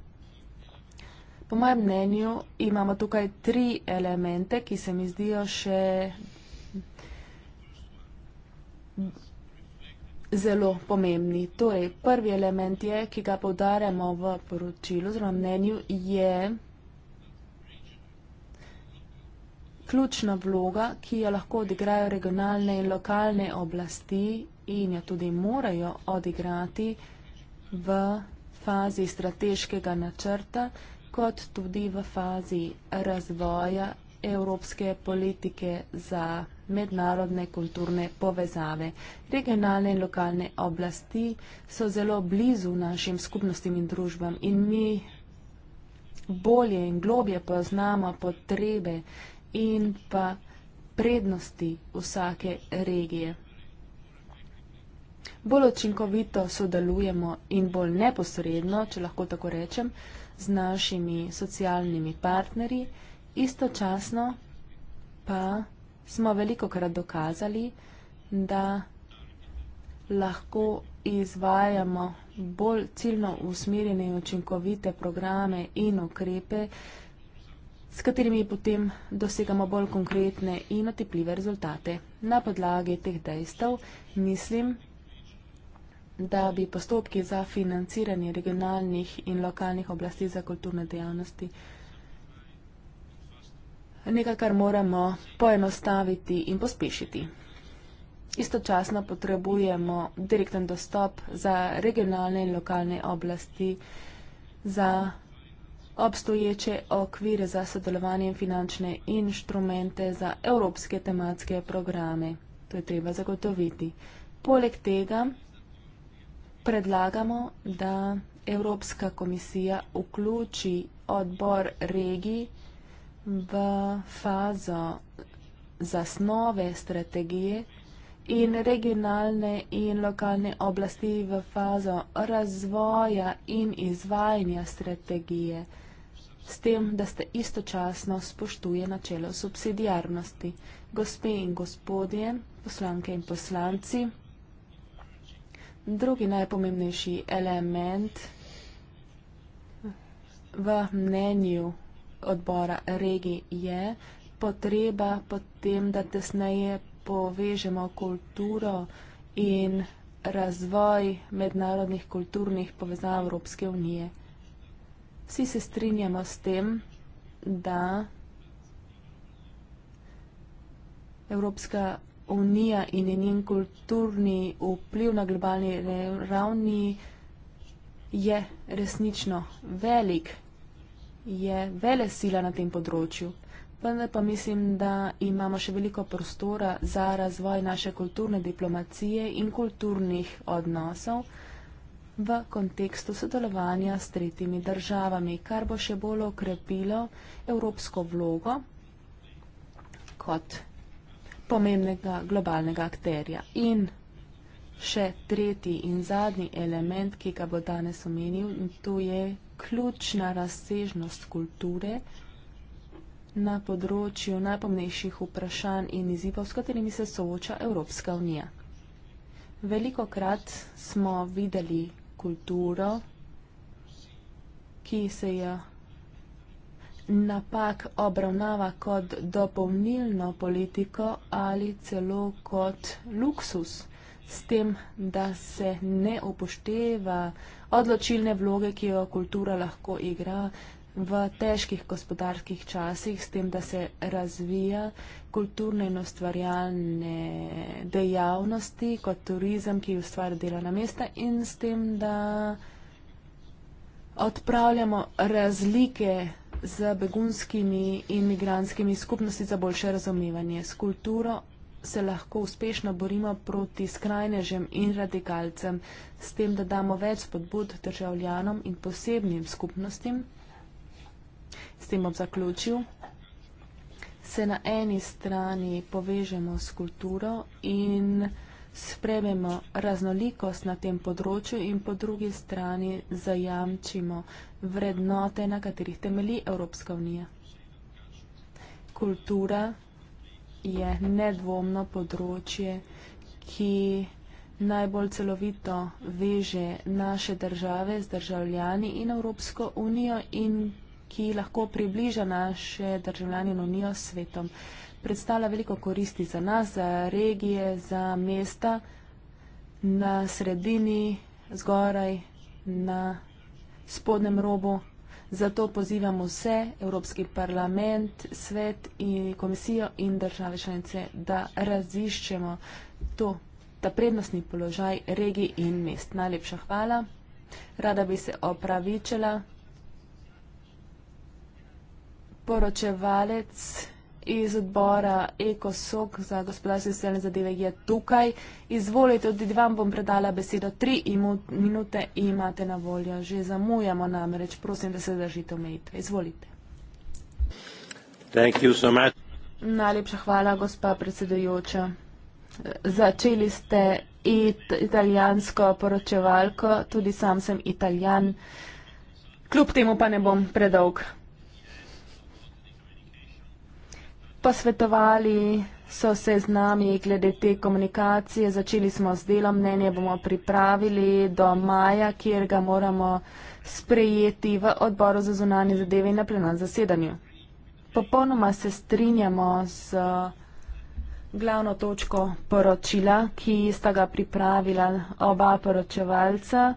Po mojem mnenju imamo tukaj tri elemente, ki se mi zdijo še zelo pomembni. Torej, prvi element je, ki ga povdarjamo v poročilu, zelo mnenju, je ključna vloga, ki jo lahko odigrajo regionalne in lokalne oblasti in jo tudi morajo odigrati, v fazi strateškega načrta, kot tudi v fazi razvoja evropske politike za mednarodne kulturne povezave. Regionalne in lokalne oblasti so zelo blizu našim skupnostim in družbam in mi bolje in globje poznamo potrebe in pa prednosti vsake regije bolj očinkovito sodelujemo in bolj neposredno, če lahko tako rečem, z našimi socialnimi partnerji, istočasno pa smo veliko krat dokazali, da lahko izvajamo bolj ciljno usmerjene in učinkovite programe in okrepe, s katerimi potem dosegamo bolj konkretne in otepljive rezultate. Na podlagi teh dejstev mislim, da bi postopki za financiranje regionalnih in lokalnih oblasti za kulturne dejavnosti nekaj, kar moramo poenostaviti in pospešiti. Istočasno potrebujemo direkten dostop za regionalne in lokalne oblasti za obstoječe okvire za sodelovanje in finančne inštrumente za evropske tematske programe. To je treba zagotoviti. Poleg tega predlagamo, da Evropska komisija vključi odbor regij v fazo zasnove strategije in regionalne in lokalne oblasti v fazo razvoja in izvajanja strategije, s tem, da ste istočasno spoštuje načelo subsidijarnosti. Gospe in gospodje, poslanke in poslanci, Drugi najpomembnejši element v mnenju odbora regij je potreba potem, da tesneje povežemo kulturo in razvoj mednarodnih kulturnih povezav Evropske unije. Vsi se strinjamo s tem, da Evropska unija in njen kulturni vpliv na globalni ravni je resnično velik, je vele sila na tem področju. Vendar pa mislim, da imamo še veliko prostora za razvoj naše kulturne diplomacije in kulturnih odnosov v kontekstu sodelovanja s tretjimi državami, kar bo še bolj okrepilo evropsko vlogo kot pomembnega globalnega akterja. In še tretji in zadnji element, ki ga bo danes omenil, to je ključna razsežnost kulture na področju najpomnejših vprašanj in izzivov, s katerimi se sooča Evropska unija. Veliko krat smo videli kulturo, ki se je napak obravnava kot dopolnilno politiko ali celo kot luksus, s tem, da se ne upošteva odločilne vloge, ki jo kultura lahko igra v težkih gospodarskih časih, s tem, da se razvija kulturne in ustvarjalne dejavnosti kot turizem, ki ustvarja delovna mesta in s tem, da odpravljamo razlike z begunskimi in migranskimi skupnosti za boljše razumevanje. S kulturo se lahko uspešno borimo proti skrajnežem in radikalcem, s tem, da damo več spodbud državljanom in posebnim skupnostim. S tem bom zaključil. Se na eni strani povežemo s kulturo in sprememo raznolikost na tem področju in po drugi strani zajamčimo vrednote, na katerih temelji Evropska unija. Kultura je nedvomno področje, ki najbolj celovito veže naše države z državljani in Evropsko unijo in ki lahko približa naše državljani in unijo s svetom predstavlja veliko koristi za nas, za regije, za mesta na sredini, zgoraj, na spodnem robu. Zato pozivamo vse, Evropski parlament, svet in komisijo in države članice, da raziščemo to, ta prednostni položaj regij in mest. Najlepša hvala. Rada bi se opravičila. Poročevalec iz odbora EkoSok za gospodarske socialne zadeve je tukaj. Izvolite, tudi vam bom predala besedo. Tri minute imate na voljo. Že zamujamo namreč. Prosim, da se držite omejitve. Izvolite. So Najlepša hvala, gospa predsedujoča. Začeli ste it italijansko poročevalko, tudi sam sem italijan. Kljub temu pa ne bom predolg. posvetovali so se z nami glede te komunikacije, začeli smo z delom, mnenje bomo pripravili do maja, kjer ga moramo sprejeti v odboru za zunanje zadeve in na plenarnem zasedanju. Popolnoma se strinjamo z glavno točko poročila, ki sta ga pripravila oba poročevalca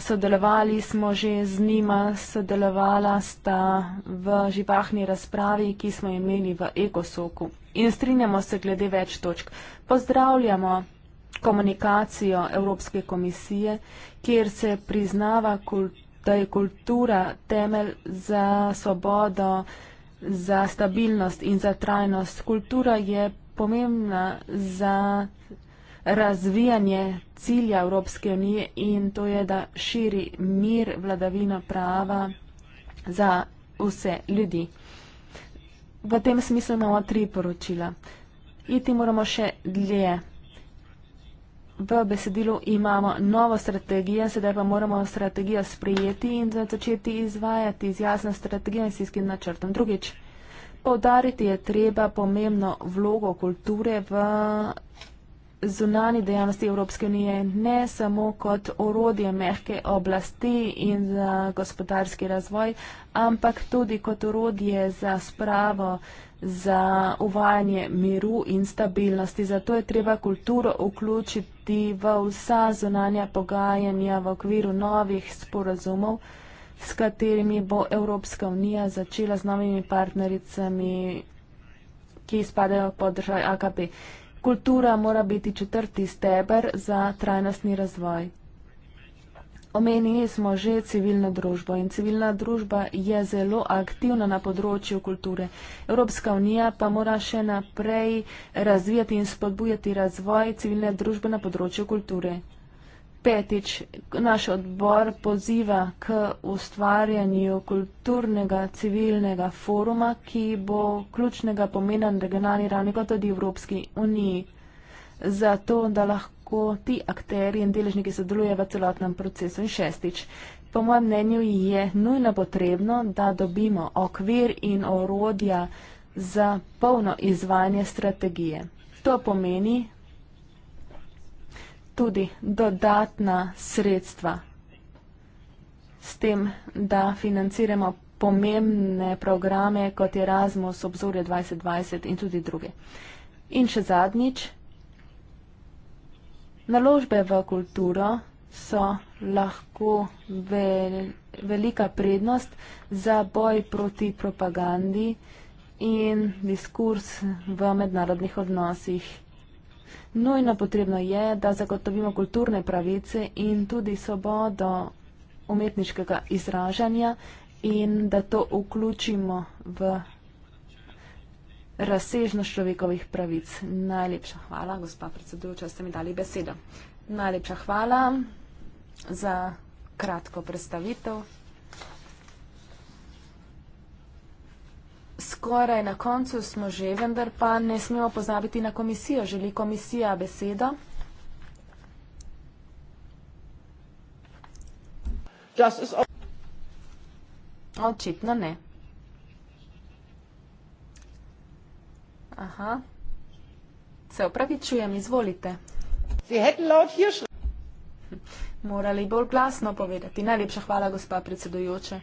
sodelovali smo že z njima, sodelovala sta v živahni razpravi, ki smo imeli v Ekosoku. In strinjamo se glede več točk. Pozdravljamo komunikacijo Evropske komisije, kjer se priznava, da je kultura temelj za svobodo, za stabilnost in za trajnost. Kultura je pomembna za razvijanje cilja Evropske unije in to je, da širi mir, vladavino prava za vse ljudi. V tem smislu imamo tri poročila. Iti moramo še dlje. V besedilu imamo novo strategijo, sedaj pa moramo strategijo sprijeti in začeti izvajati z jasno strategijo in sijskim načrtom. Drugič, poudariti je treba pomembno vlogo kulture v zunani dejavnosti Evropske unije, ne samo kot orodje mehke oblasti in za gospodarski razvoj, ampak tudi kot orodje za spravo, za uvajanje miru in stabilnosti. Zato je treba kulturo vključiti v vsa zunanja pogajanja v okviru novih sporazumov s katerimi bo Evropska unija začela z novimi partnericami, ki spadajo pod državo AKP. Kultura mora biti četrti steber za trajnostni razvoj. Omenili smo že civilno družbo in civilna družba je zelo aktivna na področju kulture. Evropska unija pa mora še naprej razvijati in spodbujati razvoj civilne družbe na področju kulture. Petič, naš odbor poziva k ustvarjanju kulturnega civilnega foruma, ki bo ključnega pomena na regionalni ravni, kot tudi Evropski uniji, zato da lahko ti akteri in deležniki sodelujejo v celotnem procesu. In šestič, po mojem mnenju je nujno potrebno, da dobimo okvir in orodja za polno izvajanje strategije. To pomeni, tudi dodatna sredstva s tem, da financiramo pomembne programe, kot je Erasmus, obzorje 2020 in tudi druge. In še zadnjič, naložbe v kulturo so lahko vel, velika prednost za boj proti propagandi in diskurs v mednarodnih odnosih. Nujno potrebno je, da zagotovimo kulturne pravice in tudi svobodo umetniškega izražanja in da to vključimo v razsežnost človekovih pravic. Najlepša hvala, gospa predsedujoča, ste mi dali besedo. Najlepša hvala za kratko predstavitev. skoraj na koncu smo že, vendar pa ne smemo pozabiti na komisijo. Želi komisija besedo? Očitno ne. Aha. Se opravičujem, izvolite. Morali bolj glasno povedati. Najlepša hvala, gospa predsedujoče.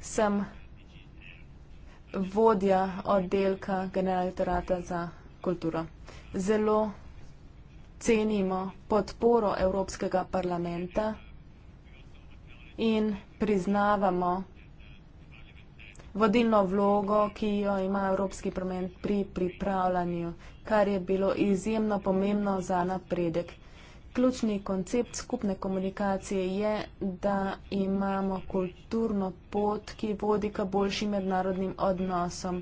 Sem vodja oddelka Generalitorata za kulturo. Zelo cenimo podporo Evropskega parlamenta in priznavamo vodilno vlogo, ki jo ima Evropski parlament pri pripravljanju, kar je bilo izjemno pomembno za napredek ključni koncept skupne komunikacije je, da imamo kulturno pot, ki vodi k boljšim mednarodnim odnosom.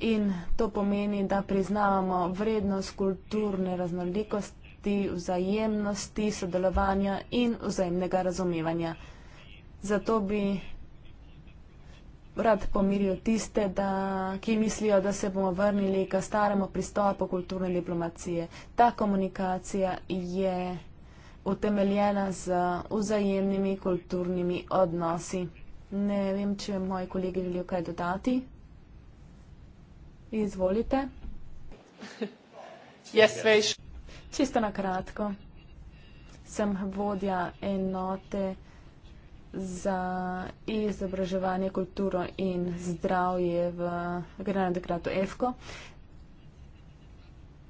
In to pomeni, da priznavamo vrednost kulturne raznolikosti, vzajemnosti, sodelovanja in vzajemnega razumevanja. Zato bi rad pomiril tiste, da, ki mislijo, da se bomo vrnili k staremu pristopu kulturne diplomacije. Ta komunikacija je utemeljena z vzajemnimi kulturnimi odnosi. Ne vem, če moji kolegi želijo kaj dodati. Izvolite. Yes, veš. Čisto na kratko. Sem vodja enote za izobraževanje, kulturo in zdravje v Granada Kratu EFKO.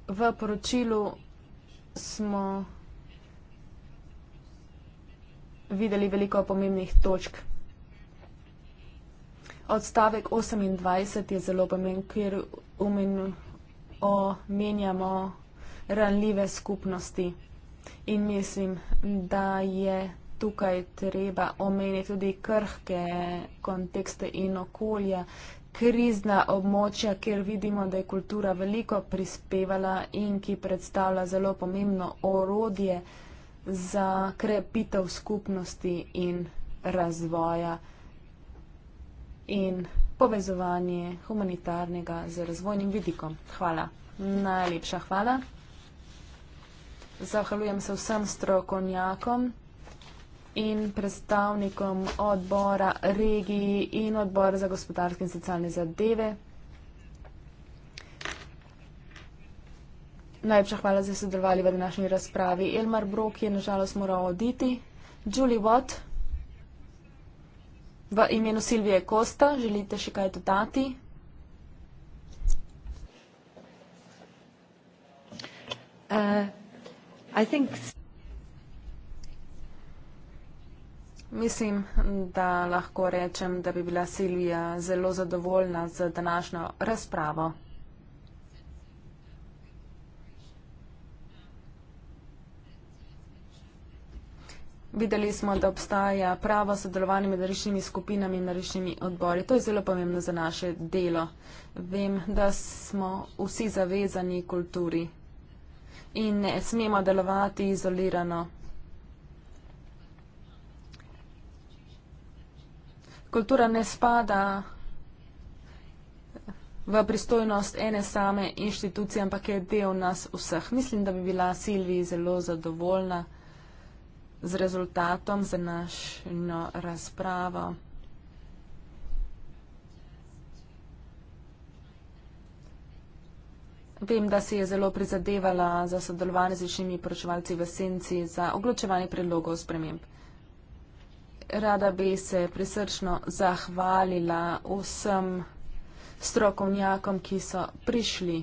V poročilu smo videli veliko pomembnih točk. Odstavek 28 je zelo pomemben, ker omenjamo ranljive skupnosti. In mislim, da je tukaj treba omeniti tudi krhke kontekste in okolja, krizna območja, ker vidimo, da je kultura veliko prispevala in ki predstavlja zelo pomembno orodje za krepitev skupnosti in razvoja in povezovanje humanitarnega z razvojnim vidikom. Hvala. Najlepša hvala. Zahvaljujem se vsem strokovnjakom in predstavnikom odbora regiji in odbora za gospodarske in socialne zadeve. Najlepša hvala, da ste sodelovali v današnji razpravi. Elmar Brok je nažalost moral oditi. Julie Watt, v imenu Silvije Kosta, želite še kaj dodati? Uh, think... Mislim, da lahko rečem, da bi bila Silvija zelo zadovoljna z današnjo razpravo. Videli smo, da obstaja pravo sodelovanje med rešnimi skupinami in rešnimi odbori. To je zelo pomembno za naše delo. Vem, da smo vsi zavezani kulturi in ne smemo delovati izolirano. Kultura ne spada v pristojnost ene same inštitucije, ampak je del nas vseh. Mislim, da bi bila Silvi zelo zadovoljna z rezultatom za našo razpravo. Vem, da si je zelo prizadevala za sodelovanje z višnjimi poročevalci v Senci za oglučevanje predlogov sprememb. Rada bi se prisrčno zahvalila vsem strokovnjakom, ki so prišli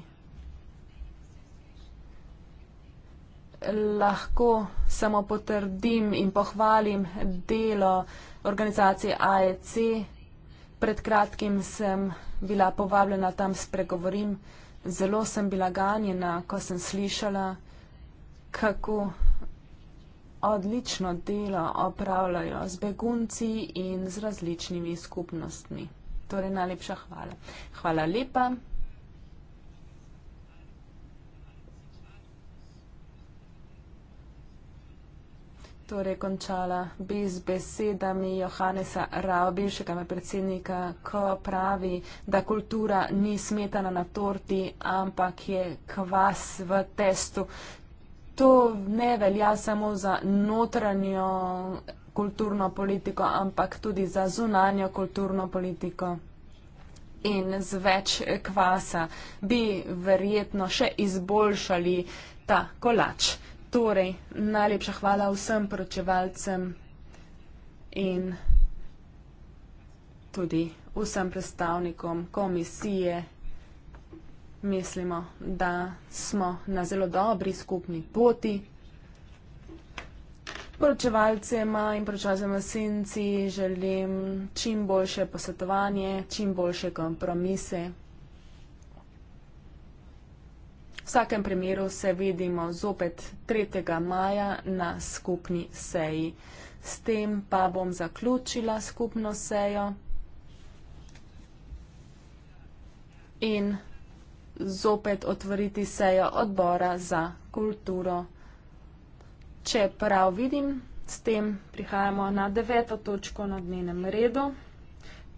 lahko samo potrdim in pohvalim delo organizacije AEC. Pred kratkim sem bila povabljena tam spregovorim. Zelo sem bila ganjena, ko sem slišala, kako odlično delo opravljajo z begunci in z različnimi skupnostmi. Torej, najlepša hvala. Hvala lepa. Torej, končala bi z besedami Johannesa Rao, bivšega predsednika, ko pravi, da kultura ni smetana na torti, ampak je kvas v testu. To ne velja samo za notranjo kulturno politiko, ampak tudi za zunanjo kulturno politiko. In z več kvasa bi verjetno še izboljšali ta kolač. Torej, najlepša hvala vsem poročevalcem in tudi vsem predstavnikom komisije. Mislimo, da smo na zelo dobri skupni poti. Poročevalcema in poročevalcem v senci želim čim boljše posvetovanje, čim boljše kompromise vsakem primeru se vidimo zopet 3. maja na skupni seji. S tem pa bom zaključila skupno sejo in zopet otvoriti sejo odbora za kulturo. Če prav vidim, s tem prihajamo na deveto točko na dnevnem redu.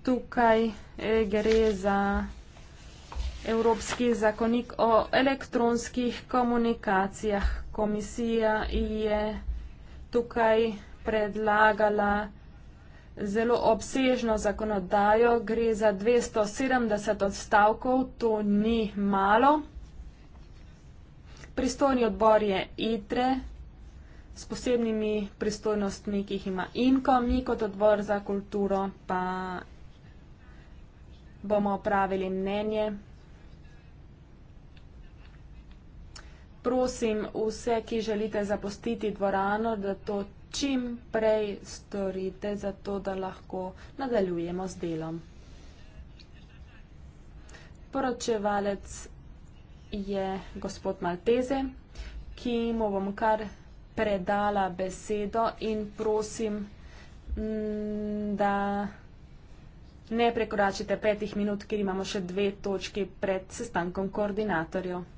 Tukaj eh, gre za. Evropski zakonik o elektronskih komunikacijah. Komisija je tukaj predlagala zelo obsežno zakonodajo, gre za 270 odstavkov, to ni malo. Pristojni odbor je ITRE s posebnimi pristojnostmi, ki jih ima INKO, mi kot odbor za kulturo pa bomo opravili mnenje. prosim vse, ki želite zapustiti dvorano, da to čim prej storite, zato da lahko nadaljujemo z delom. Poročevalec je gospod Malteze, ki mu bom kar predala besedo in prosim, mm, da ne prekoračite petih minut, ker imamo še dve točki pred sestankom koordinatorjev.